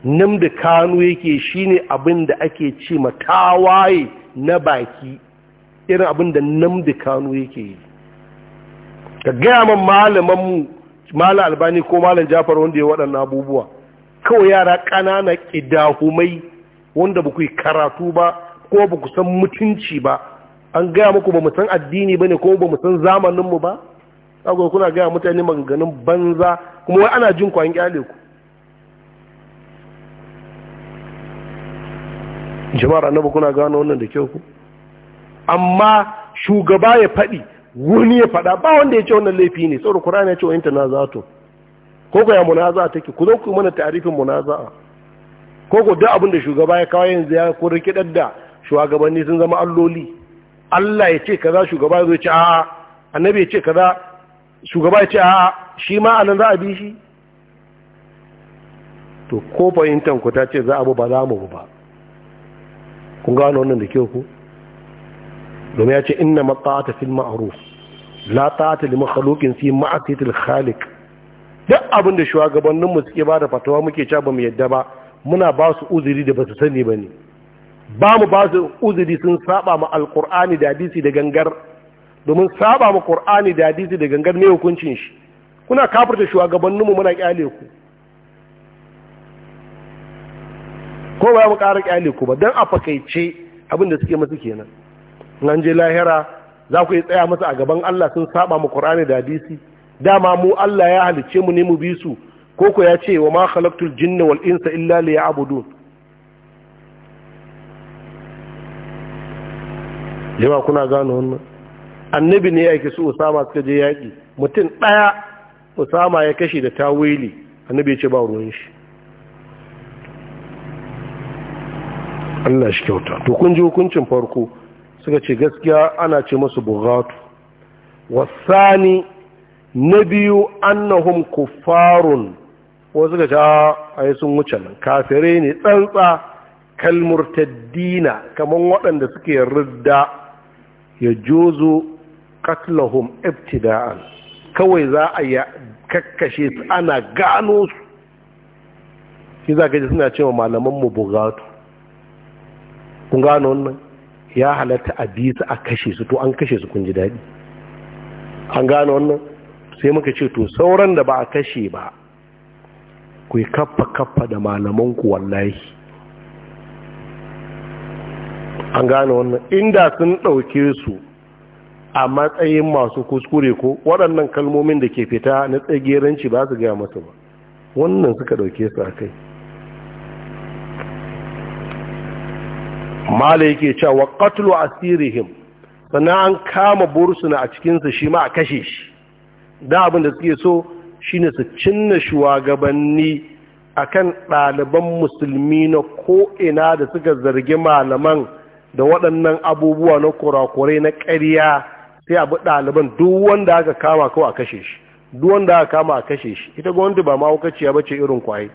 namda kanu yake shine abin da ake ce ma tawaye na baki irin abin da namda kanu yake yi ka gaya ma malaman malam albani ko malam jafar wanda ya waɗannan abubuwa kawai yara ƙanana ƙidahumai wanda ba ku yi karatu ba ko ba ku san mutunci ba an gaya muku ba mu san addini ba ne ko ba mu san zamaninmu ba kago kuna gaya mutane maganganun banza kuma wai ana jin kwan kyale ku jama'ar annabi kuna gano wannan da kyau ku amma shugaba ya faɗi wani ya faɗa ba wanda ya ce wannan laifi ne saboda Qur'ani ya ce wa na zato ko ko ya munaza take ku zo ku mana ta'arifin munaza ko ko duk abin da shugaba ya kawo yanzu ya ko rikidar da shugabanni sun zama alloli Allah ya ce kaza shugaba ya zo ya ce a'a annabi ya ce kaza shugaba ya ce a shi ma anan za a bi shi to ko fahimtar ku ta ce za a ba za mu ba kun gano wannan da kyau ku domin ya ce inna matsata fil ma'aru, la ta li makhluqin fi ma'atitul khalik duk abin da mu suke bada fatawa muke cewa ba mu yadda ba muna ba su uzuri da ba su sani ne ba mu ba su uzuri sun saba ma alkur'ani da hadisi da gangar domin saba ma qur'ani da hadisi da gangan ne hukuncin shi kuna kafirta shugabanninmu muna kyale ku ko ba mu ƙara kyale ku ba dan a fakaice abin da suke masu kenan nan je lahira za ku yi tsaya masa a gaban Allah sun saba ma Qur'ani da hadisi dama mu Allah ya halice mu ne mu bi su ko ko ya ce wa ma khalaqtul jinna wal insa illa liya'budun yawa kuna gano wannan annabi ne ya aiki su usama suka je yaƙi mutum ɗaya usama ya kashe da tawili annabi ya ce ba ruwan shi Allah shi kyauta to kun ji hukuncin farko suka ce gaskiya ana ce masu bugatu wasani na biyu annahum kuffarun ko suka ce a ah, yi sun wuce nan kafirai ne tsantsa kalmurtaddina kamar waɗanda suke ridda ya jozo katlahum ibtida'an kawai za a ya kakkashe su ana gano su shi za ka ji suna cewa malaman mu bugatu kun gano wannan ya halatta a bi su a kashe su to an kashe su kun ji daɗi an gano wannan sai muka ce to sauran da ba a kashe ba ku yi kaffa kaffa da malamanku wallahi an gano wannan inda sun ɗauke su a matsayin masu kuskure ko waɗannan kalmomin da ke fita na tsageranci ba su gaya masa ba wannan suka ɗauke su a kai mala yake cewa a asirihim sannan an kama bursuna a cikinsa shi ma a kashe shi da abin da suke so shi ne su cinna shugabanni kan ɗaliban musulmi na ko'ina da suka zargi malaman da waɗannan abubuwa na kurakurai na ƙarya sai abu ɗaliban duk wanda aka kama kawo a kashe shi duk wanda aka kama a kashe shi ita gwamnati ba mahaukaciya ba ce irin kwaye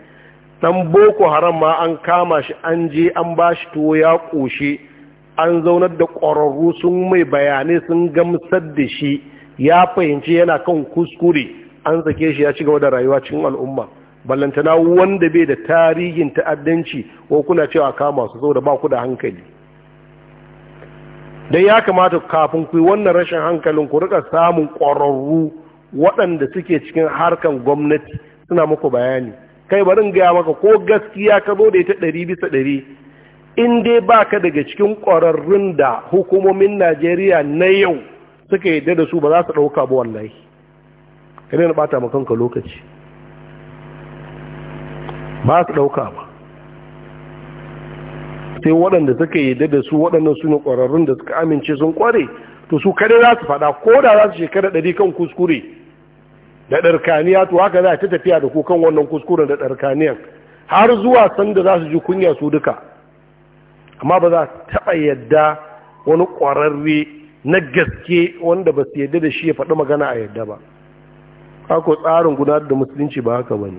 ɗan boko haram ma an kama shi an je an ba shi tuwo ya ƙoshe an zaunar da ƙwararru sun mai bayanai sun gamsar da shi ya fahimci yana kan kuskure an sake shi ya ci gaba da rayuwa cikin al'umma ballantana wanda bai da tarihin ta'addanci ko kuna cewa kama su saboda ba ku da hankali da ya kamata kafin ku wannan rashin hankalin ku rika samun ƙwararru waɗanda suke cikin harkan gwamnati suna muku bayani kai barin gaya maka ko gaskiya ka zo da ita ɗari bisa ɗari in dai baka daga cikin ƙwararrun da hukumomin najeriya na yau suka yadda da su ba za su ɗauka ba wallahi ka daina ɓata ma kanka lokaci ba su ɗauka ba sai waɗanda suka yadda da su waɗannan su ne ƙwararrun da suka amince sun ƙware to su kare za su faɗa ko da za su shekara ɗari kan kuskure da ɗarkaniya to haka za a ta tafiya da kukan wannan kuskuren da ɗarkaniyan har zuwa sanda za su ji kunya su duka amma ba za su taɓa yadda wani ƙwararre na gaske wanda ba su yadda da shi ya faɗi magana a yadda ba. ako tsarin gudanar da musulunci ba haka ba ne.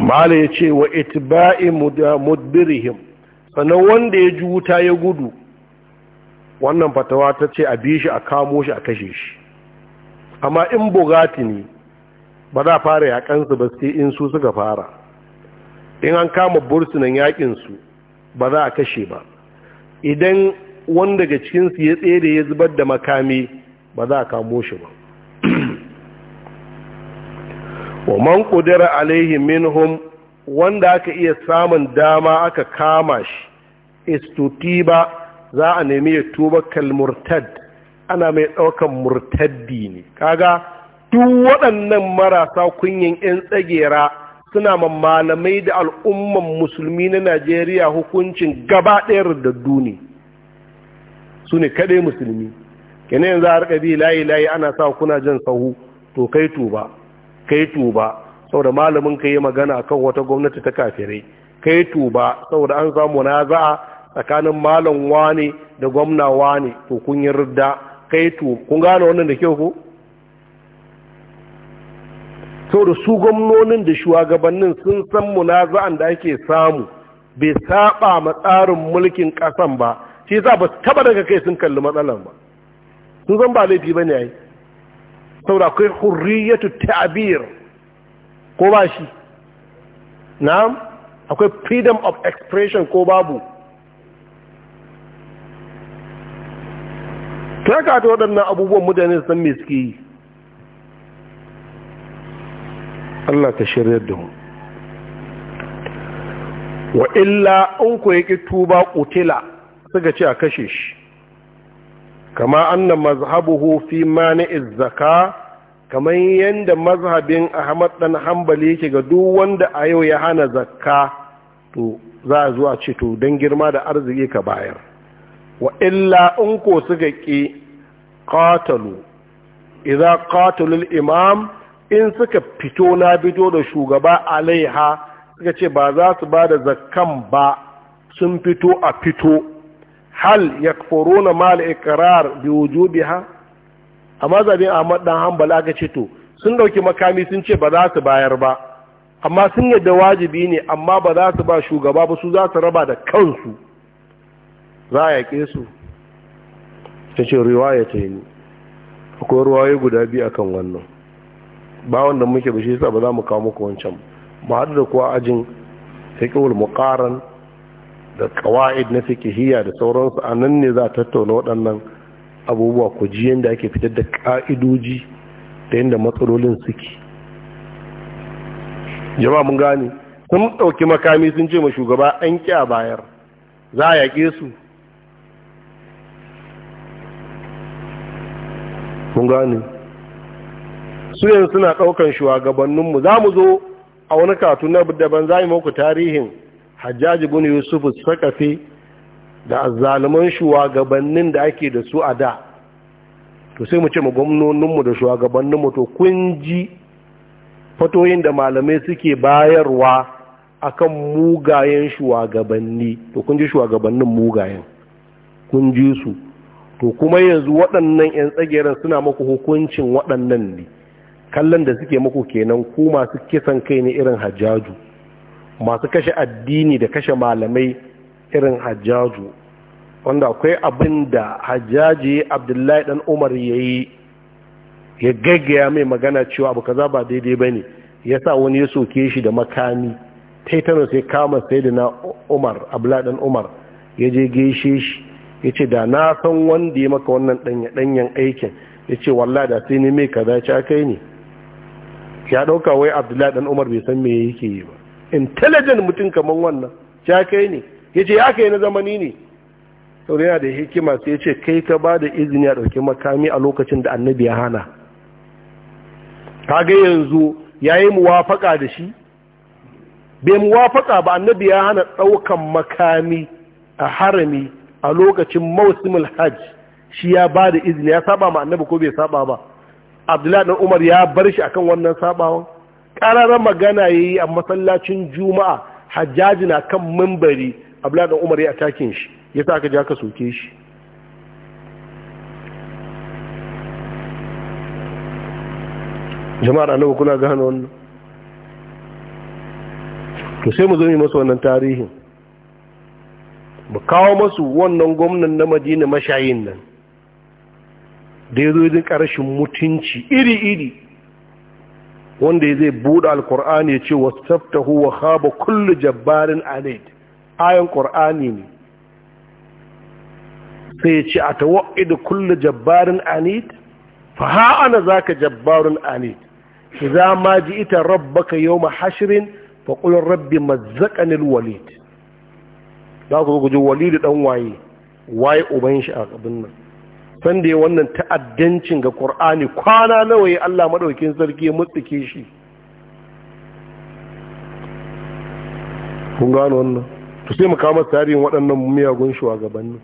mala ya ce wa itba'i mudbirihim sannan wanda ya ji wuta ya gudu wannan fatawa ta ce a bi shi a kamo shi a kashe shi amma in bugati ne ba za fara yakansu ba sai in su suka fara in an kama bursunan yakinsu ba za a kashe ba idan wanda daga cikinsu ya tsere ya zubar da makami ba za a kamo shi ba wa man qudira alaihi minhum wanda aka iya samun dama aka kama shi istutiba za a nemi ya tuba kalmurtad ana mai ɗaukan murtaddi ne kaga duk waɗannan marasa kunyin 'yan tsagera suna ma malamai da al'umman musulmi na najeriya hukuncin gaba ɗayar da duni su ne kaɗai musulmi kenan yanzu a rikabi layi layi ana sa kuna jan sahu to kai tuba kai tuba saboda malamin ka yi magana kan wata gwamnati ta kafire kai tuba saboda an samu naza'a tsakanin malam wani da gwamna wani to kun yi ridda kai tu kun gane wannan da kyau ko saboda su gwamnonin da shugabannin sun san munaza'an da ake samu bai saba ma tsarin mulkin kasan ba shi yasa ba taba daga kai sun kalli matsalan ba sun san ba laifi bane yayi saboda akwai hurriyatu ta'bir ko ba shi na'am akwai freedom of expression ko babu ta kata waɗannan abubuwan mutane san me suke yi Allah ka shiryar da mu wa illa in ku yake tuba kutila suka ce a kashe shi kama anna mazhabuhu fi mani'iz zaka kamar yanda mazhabin Ahmad dan Hanbali yake ga duk wanda a yau ya hana zakka to za a zuwa ce to dan girma da arziki ka bayar wa illa in ko suka ki qatalu idza qatalu imam in suka fito na fito da shugaba alaiha suka ce ba za su ba da zakkan ba sun fito a fito hal yakfuruna mal iqrar bi wujubiha a mazhabin Ahmad dan Hanbal aka ce to sun dauki makami sun ce ba za su bayar ba amma sun yadda wajibi ne amma ba za su ba shugaba ba su za su raba da kansu za a yaƙe su ta ce riwaya ta yi akwai ruwaye guda biyu akan wannan ba wanda muke ba shi sa ba za mu kawo muku wancan ba haɗu da kuwa ajin fiqhul muƙaran da kawa'id na fikihiyya da sauransu a nan ne za a tattauna waɗannan abubuwa ku ji yadda ake fitar da ƙa'idoji da yadda matsalolin suke jama'a mun gane sun ɗauki makami sun ce ma shugaba an ƙi a bayar za a yaƙe su mun gane su yanzu suna ɗaukan shugabanninmu za mu zo a wani katu na daban za mu muku tarihin hajjaji bin yusuf sakafi da azzaluman shugabannin da ake da su a da to sai mu ce mu gwamnoninmu da shugabanninmu to kun ji fatoyin da malamai suke bayarwa akan mugayen shugabanni to kun ji shugabannin mugayen kun ji su to kuma yanzu waɗannan 'yan tsagiyar suna muku hukuncin waɗannan ne kallon da suke muku kenan ku masu kisan kai ne irin hajjaju masu kashe addini da kashe malamai irin hajjaju wanda akwai abin da hajjaji abdullahi dan umar ya yi ya gaggaya mai magana cewa abu kaza ba daidai ba ne ya sa wani ya soke shi da makami taitano sai kama sai da na umar abdullahi dan umar ya je gaishe shi ya ce da na san wanda ya maka wannan ɗanyen aikin ya ce walla da sai ne mai kaza ci kai ne ya ɗauka wai abdullahi dan umar bai san me yake yi ba intelligent mutum kamar wannan ya kai ne ya ce ya kai na zamani ne sauri yana da hikima sai ya ce kai ka ba da izini a ɗauki makami a lokacin da annabi ya hana ga yanzu ya yi muwafaka da shi bai muwafaka ba annabi ya hana ɗaukan makami a harami a lokacin mausimul hajj shi ya ba da izini ya saba ma annabi ko bai saba ba abdullahi dan umar ya bar shi akan wannan sabawan ƙararra magana ya yi a masallacin juma'a hajjaji na kan a abladan umar ya atakin shi ya sa aka ji aka soke shi jama'ar annabi kuna gano wannan to sai mu zo yi masu wannan tarihin mu kawo masu wannan gwamnan na madina mashayin nan da ya zo yi rashin mutunci iri-iri wanda ya zai buɗe alkur'ani ya ce wastaftahu wa khaba kullu jabbarin anid ayan qur'ani ne sai ya ce a tawaidu kullu jabbarin anid fa ha ana zaka jabbarun anid idza ma ji'ita rabbaka yawma hashrin fa qul rabbi mazzaqani alwalid da ku guji walid dan waye waye uban shi a abin nan san da ya wannan ta'addancin ga Kur'ani, kwana nawa ya Allah maɗaukin sarki ya mutsuke shi kun gano wannan to sai mu kawo tarihin waɗannan miyagun shugabanni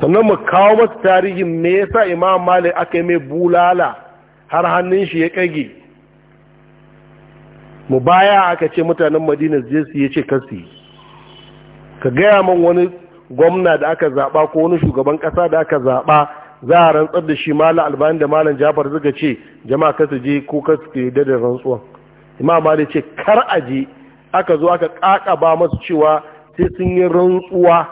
sannan mu kawo masu tarihin me yasa Imam Malik aka yi mai bulala har hannun shi ya kage mu baya aka ce mutanen Madina zai su ce kasi ka gaya min wani gwamna da aka zaɓa ko wani shugaban ƙasa da aka zaɓa za a rantsar da shi mala albani da malam jafar suka ce jama'a kasu je ko kasu ke da da rantsuwa. imam malik ce kar a je aka zo aka ƙaƙaba masu cewa sai sun yi rantsuwa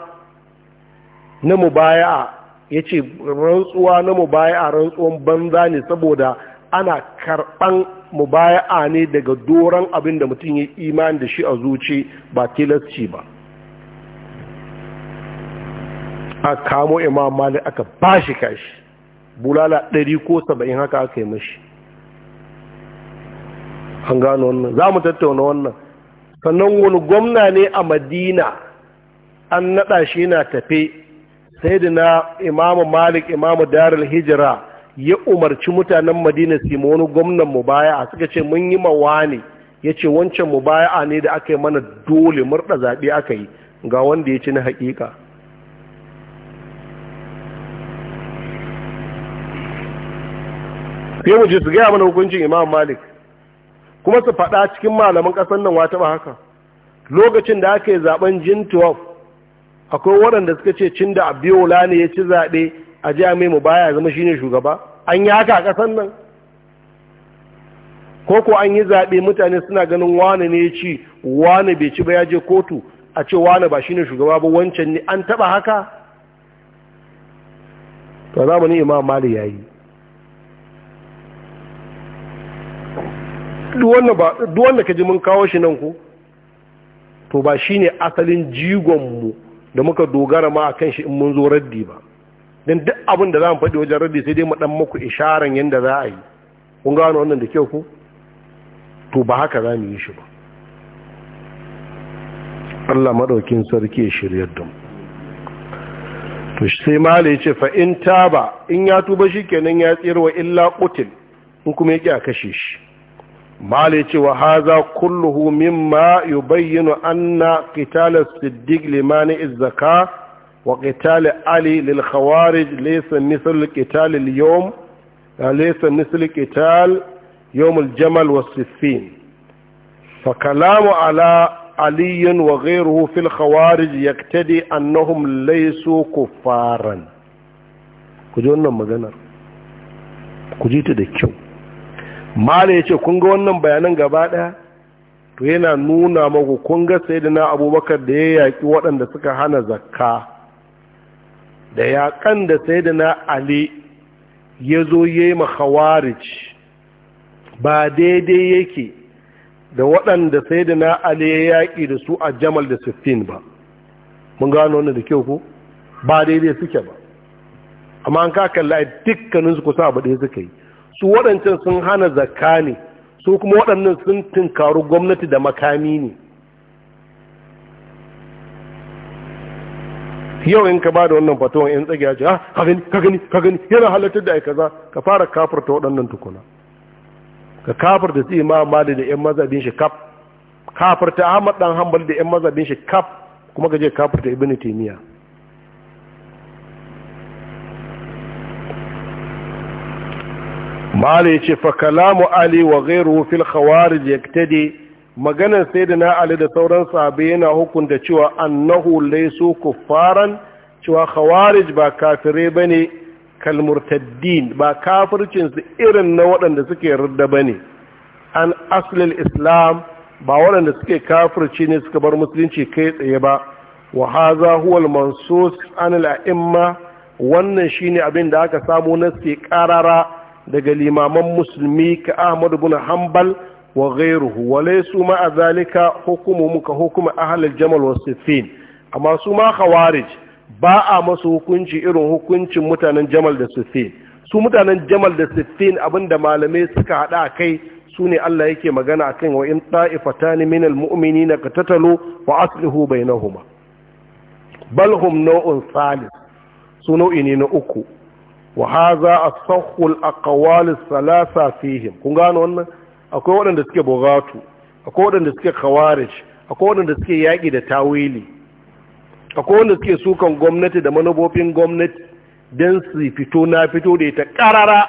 na a ya ce rantsuwa na mu a rantsuwan banza ne saboda ana karɓan mu mubaya'a ne daga doron abin da mutum ya imani da shi a zuci ba tilasci ba a kamo imam malik aka bashi kashi bulala ɗari ko saba'in haka aka yi mashi an gano wannan za mu tattauna wannan sannan wani gwamna ne a madina an naɗa shi na tafe sai da na imamu malik imamu darul hijira ya umarci mutanen madina su ma wani gwamnan mu baya a suka ce mun yi mawa ne ya ce wancan mu baya ne da aka yi mana dole murɗa zaɓe aka yi ga wanda ya ci na haƙiƙa sai mu je su gaya mana hukuncin imam malik kuma su faɗa cikin malaman ƙasar nan wata ba haka lokacin da aka yi zaben jin tuwaf akwai waɗanda suka ce cin da abiyola ne ya ci zaɓe a jami'ai mu baya zama shine shugaba an yi haka a ƙasar nan ko ko an yi zaɓe mutane suna ganin wane ne ya ci wane bai ci ba ya je kotu a ce wane ba shine shugaba ba wancan ne an taɓa haka to zamanin imam mali ya yi duk ka ji mun kawo shi nan ku to ba shi ne asalin jigonmu da muka dogara ma a kan shi in mun zo raddi ba don duk abin da za mu faɗi wajen raddi sai dai mu ɗan muku isharan yadda za a yi kun gano wannan da kyau ku to ba haka za mu yi shi ba Allah maɗaukin sarki ya shirya don. to to sai mala ya ce fa'in taba in ya tuba shi kenan ya tsirwa illa ƙutil in kuma ya ƙi a kashe shi mala ce wa haza kulluhu mimma yubayyinu anna qital as-siddiq limani az wa qital ali lil khawarij laysa mithl qital al-yawm uh, laysa mithl qital yawm al-jamal was-siffin fa kalamu ala علي وغيره في الخوارج يقتدي أنهم ليسوا كفارا كجونا ta da kyau. ya ce kun ga wannan bayanan gaba daya to yana nuna maku kun ga na abubakar da ya yaƙi waɗanda suka hana zakka da yaƙan da na ali ya zo yi ma khawarij ba daidai yake da waɗanda na ali ya yaƙi da su a jamal da Sifin ba mun gano wannan da kyau ko ba daidai suke ba amma an ka kalla dukkaninsu kusa abu ɗaya suka yi su waɗancan sun hana zakka ne su kuma waɗannan sun tunkaru gwamnati da makami ne yau in ka ba da wannan fatuwan yan tsage ya ce ah, ka gani ka gani ka gani yana halartar da aika kaza ka fara kafarta waɗannan tukuna ka kafarta su imam mali da yan mazabin shi kaf kafarta ahmad dan hanbali da yan mazabin shi kaf kuma ka je kafarta ibnu taymiya mala ya ce fa kalamu ali wa ghairuhu fil khawarij yaktadi maganar sayyidina ali da sauran sahabbai yana hukunta cewa annahu laysu kuffaran cewa khawarij ba kafirai bane kal murtaddin ba kafircin su irin na waɗanda suke ba bane an aslil islam ba waɗanda suke kafirci ne suka bar musulunci kai tsaye ba wa haza huwa al mansus an al a'imma wannan shine abin da aka samu na nasi qarara daga limaman musulmi ka Ahmadu bin hanbal wa ghairuhu wa laysu ma zalika hukumuhum ka hukumi ahlul jamal wa siffin amma su ma khawarij ba a masu hukunci irin hukuncin mutanen jamal da siffin su mutanen jamal da siffin abinda malamai suka hada kai su ne Allah yake magana akan wa in min al mu'minina qatatalu wa aslihu bainahuma bal hum nau'un salis su nau'i ne na uku wa haza asahhul aqwal salasa fihim kun gano wannan akwai waɗanda suke bogatu akwai waɗanda suke khawarij akwai waɗanda suke yaƙi da tawili akwai waɗanda suke sukan gwamnati da manubofin gwamnati don su fito na fito da ita ƙarara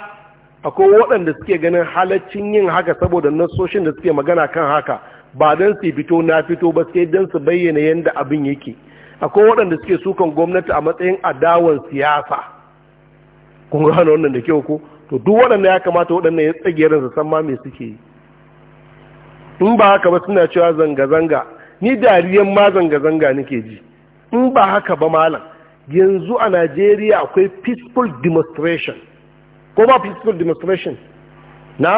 akwai waɗanda suke ganin halaccin yin haka saboda nasoshin da suke magana kan haka ba don su fito na fito ba sai don su bayyana yadda abin yake akwai waɗanda suke sukan gwamnati a matsayin adawan siyasa kun gano wannan da kyau ko to duk waɗanda ya kamata waɗanda ya tsagerin su san ma me suke yi in ba haka ba suna cewa zanga-zanga ni dariyan ma zanga-zanga nake ji in ba haka ba malam yanzu a najeriya akwai peaceful demonstration ko ba peaceful demonstration na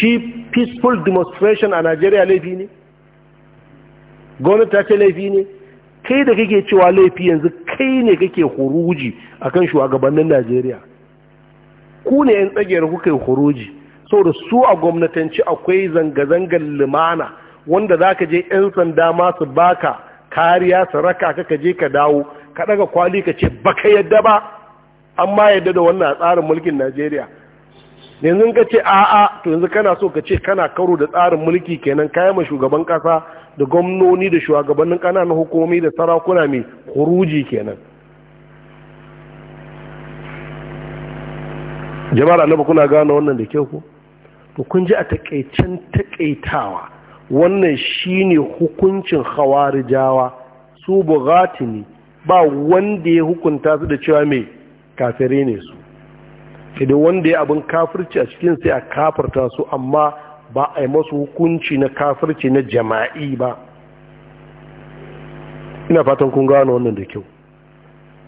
shi peaceful demonstration a najeriya laifi ne gwamnati ta ce laifi ne kai da kake cewa laifi yanzu kai ne kake huruji akan shugabannin Najeriya ku ne yan tsagiyar kuka yi huruji da su a gwamnatanci akwai zanga-zangar limana wanda za ka je yan sanda masu baka kariya su raka ka je ka dawo ka daga kwali ka ce baka yadda ba amma yadda da wannan tsarin mulkin Najeriya yanzu ka ce a'a to yanzu kana so ka ce kana karo da tsarin mulki kenan kayan shugaban kasa da gwamnoni da shugabannin kananan hukumomi da sarakuna mai huruji kenan jama'ar annaba kuna gano wannan da kyau ku to kun ji a takaicen takaitawa wannan shine hukuncin hawarijawa su bugati ne ba wanda ya hukunta su da cewa mai kafirai ne su idan wanda ya abin kafirci a cikin sai a kafarta su amma ba a yi masu hukunci na kafirci na jama'i ba ina fatan kun gano wannan da kyau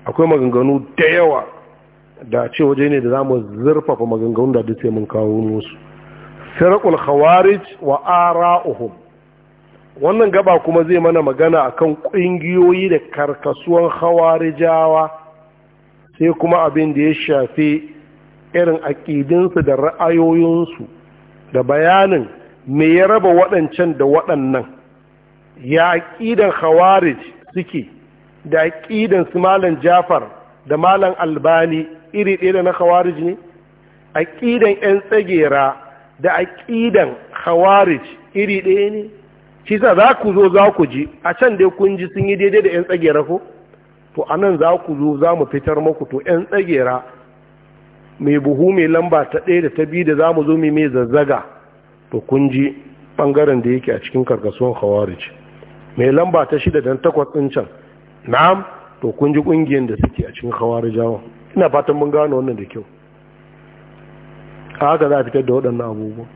akwai maganganu da yawa da ce waje ne da za mu zurfafa maganganu da duk sai mun kawo musu firakul khawarij wa ara'uhum wannan gaba kuma zai mana magana akan kungiyoyi da karkasuwan khawarijawa sai kuma abin da ya shafi irin aƙidinsu da ra'ayoyinsu da bayanin me ya raba waɗancan da waɗannan ya aƙidan khawarij suke da aƙidan su malam jafar da malam albani iri ɗaya da na khawarij ne aƙidan 'yan tsagera da ƙidan khawarij iri ɗaya ne shi sa za ku zo za ku ji a can dai kun ji sun yi daidai da 'yan tsagera ko to anan za ku zo za mu fitar maku to 'yan tsagera mai buhu mai lamba ta ɗaya da ta biyu da za mu zo mai mai zazzaga to kun ji ɓangaren da yake a cikin karkasuwan khawarij mai lamba ta shida don takwas ɗin can na'am to kun ji ƙungiyar da suke a cikin khawarijawa ina fatan mun gano wannan da kyau a haka za a fitar da waɗannan abubuwa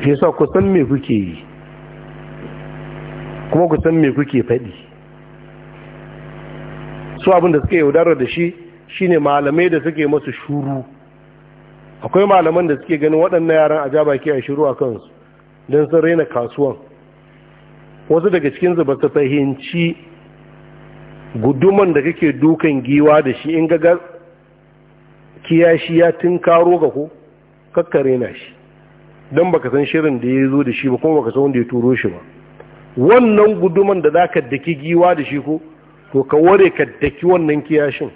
shi yasa ku san me kuke yi kuma ku san me kuke faɗi su abin da suka yaudara da shi shine malamai da suke masu shuru akwai malaman da suke ganin waɗannan yaran a jabaki a shiru a kansu don sun raina kasuwan wasu daga cikinsu ba su fahimci guduman da kake dukan giwa da shi in gaga kiyashi ya karo ga ko kakkare na shi don baka san shirin da ya zo da shi ba kuma baka san wanda ya turo shi ba wannan guduman da za ka daki giwa da shi ko to ka ware ka daki wannan kiyashin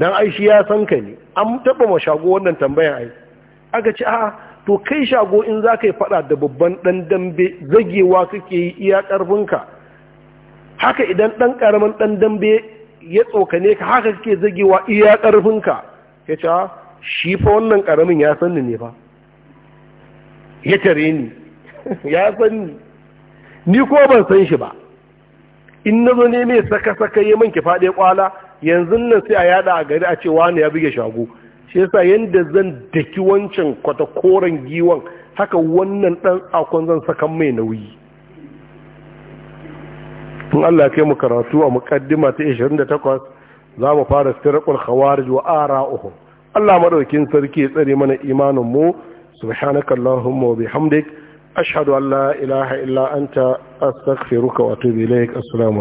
dan ai shi ya san ka ne an taba ma shago wannan tambayan ai aka ce a'a to kai shago in za ka yi fada da babban dan dambe zagewa kake yi iya ƙarfinka. haka idan dan karamin dan dambe ya tsokane ka haka kake zagewa iya ƙarfinka. ya ce shi fa wannan karamin ya san ni ne fa ya tare ni ya san ni ni ko ban san shi ba in nazo ne mai saka-saka ya manke faɗe kwala yanzu nan sai a yada a gari a ce wani ya buge shago shi yasa yanda zan daki wancan kwata koren giwan haka wannan dan akon zan saka mai nauyi tun Allah ya kai mu karatu a muqaddima ta 28 za mu fara sirrul khawarij wa ara'uhum Allah madaukin sarki tsare mana imanin mu subhanaka allahumma wa bihamdik ashhadu an la ilaha illa anta astaghfiruka wa atubu ilaik assalamu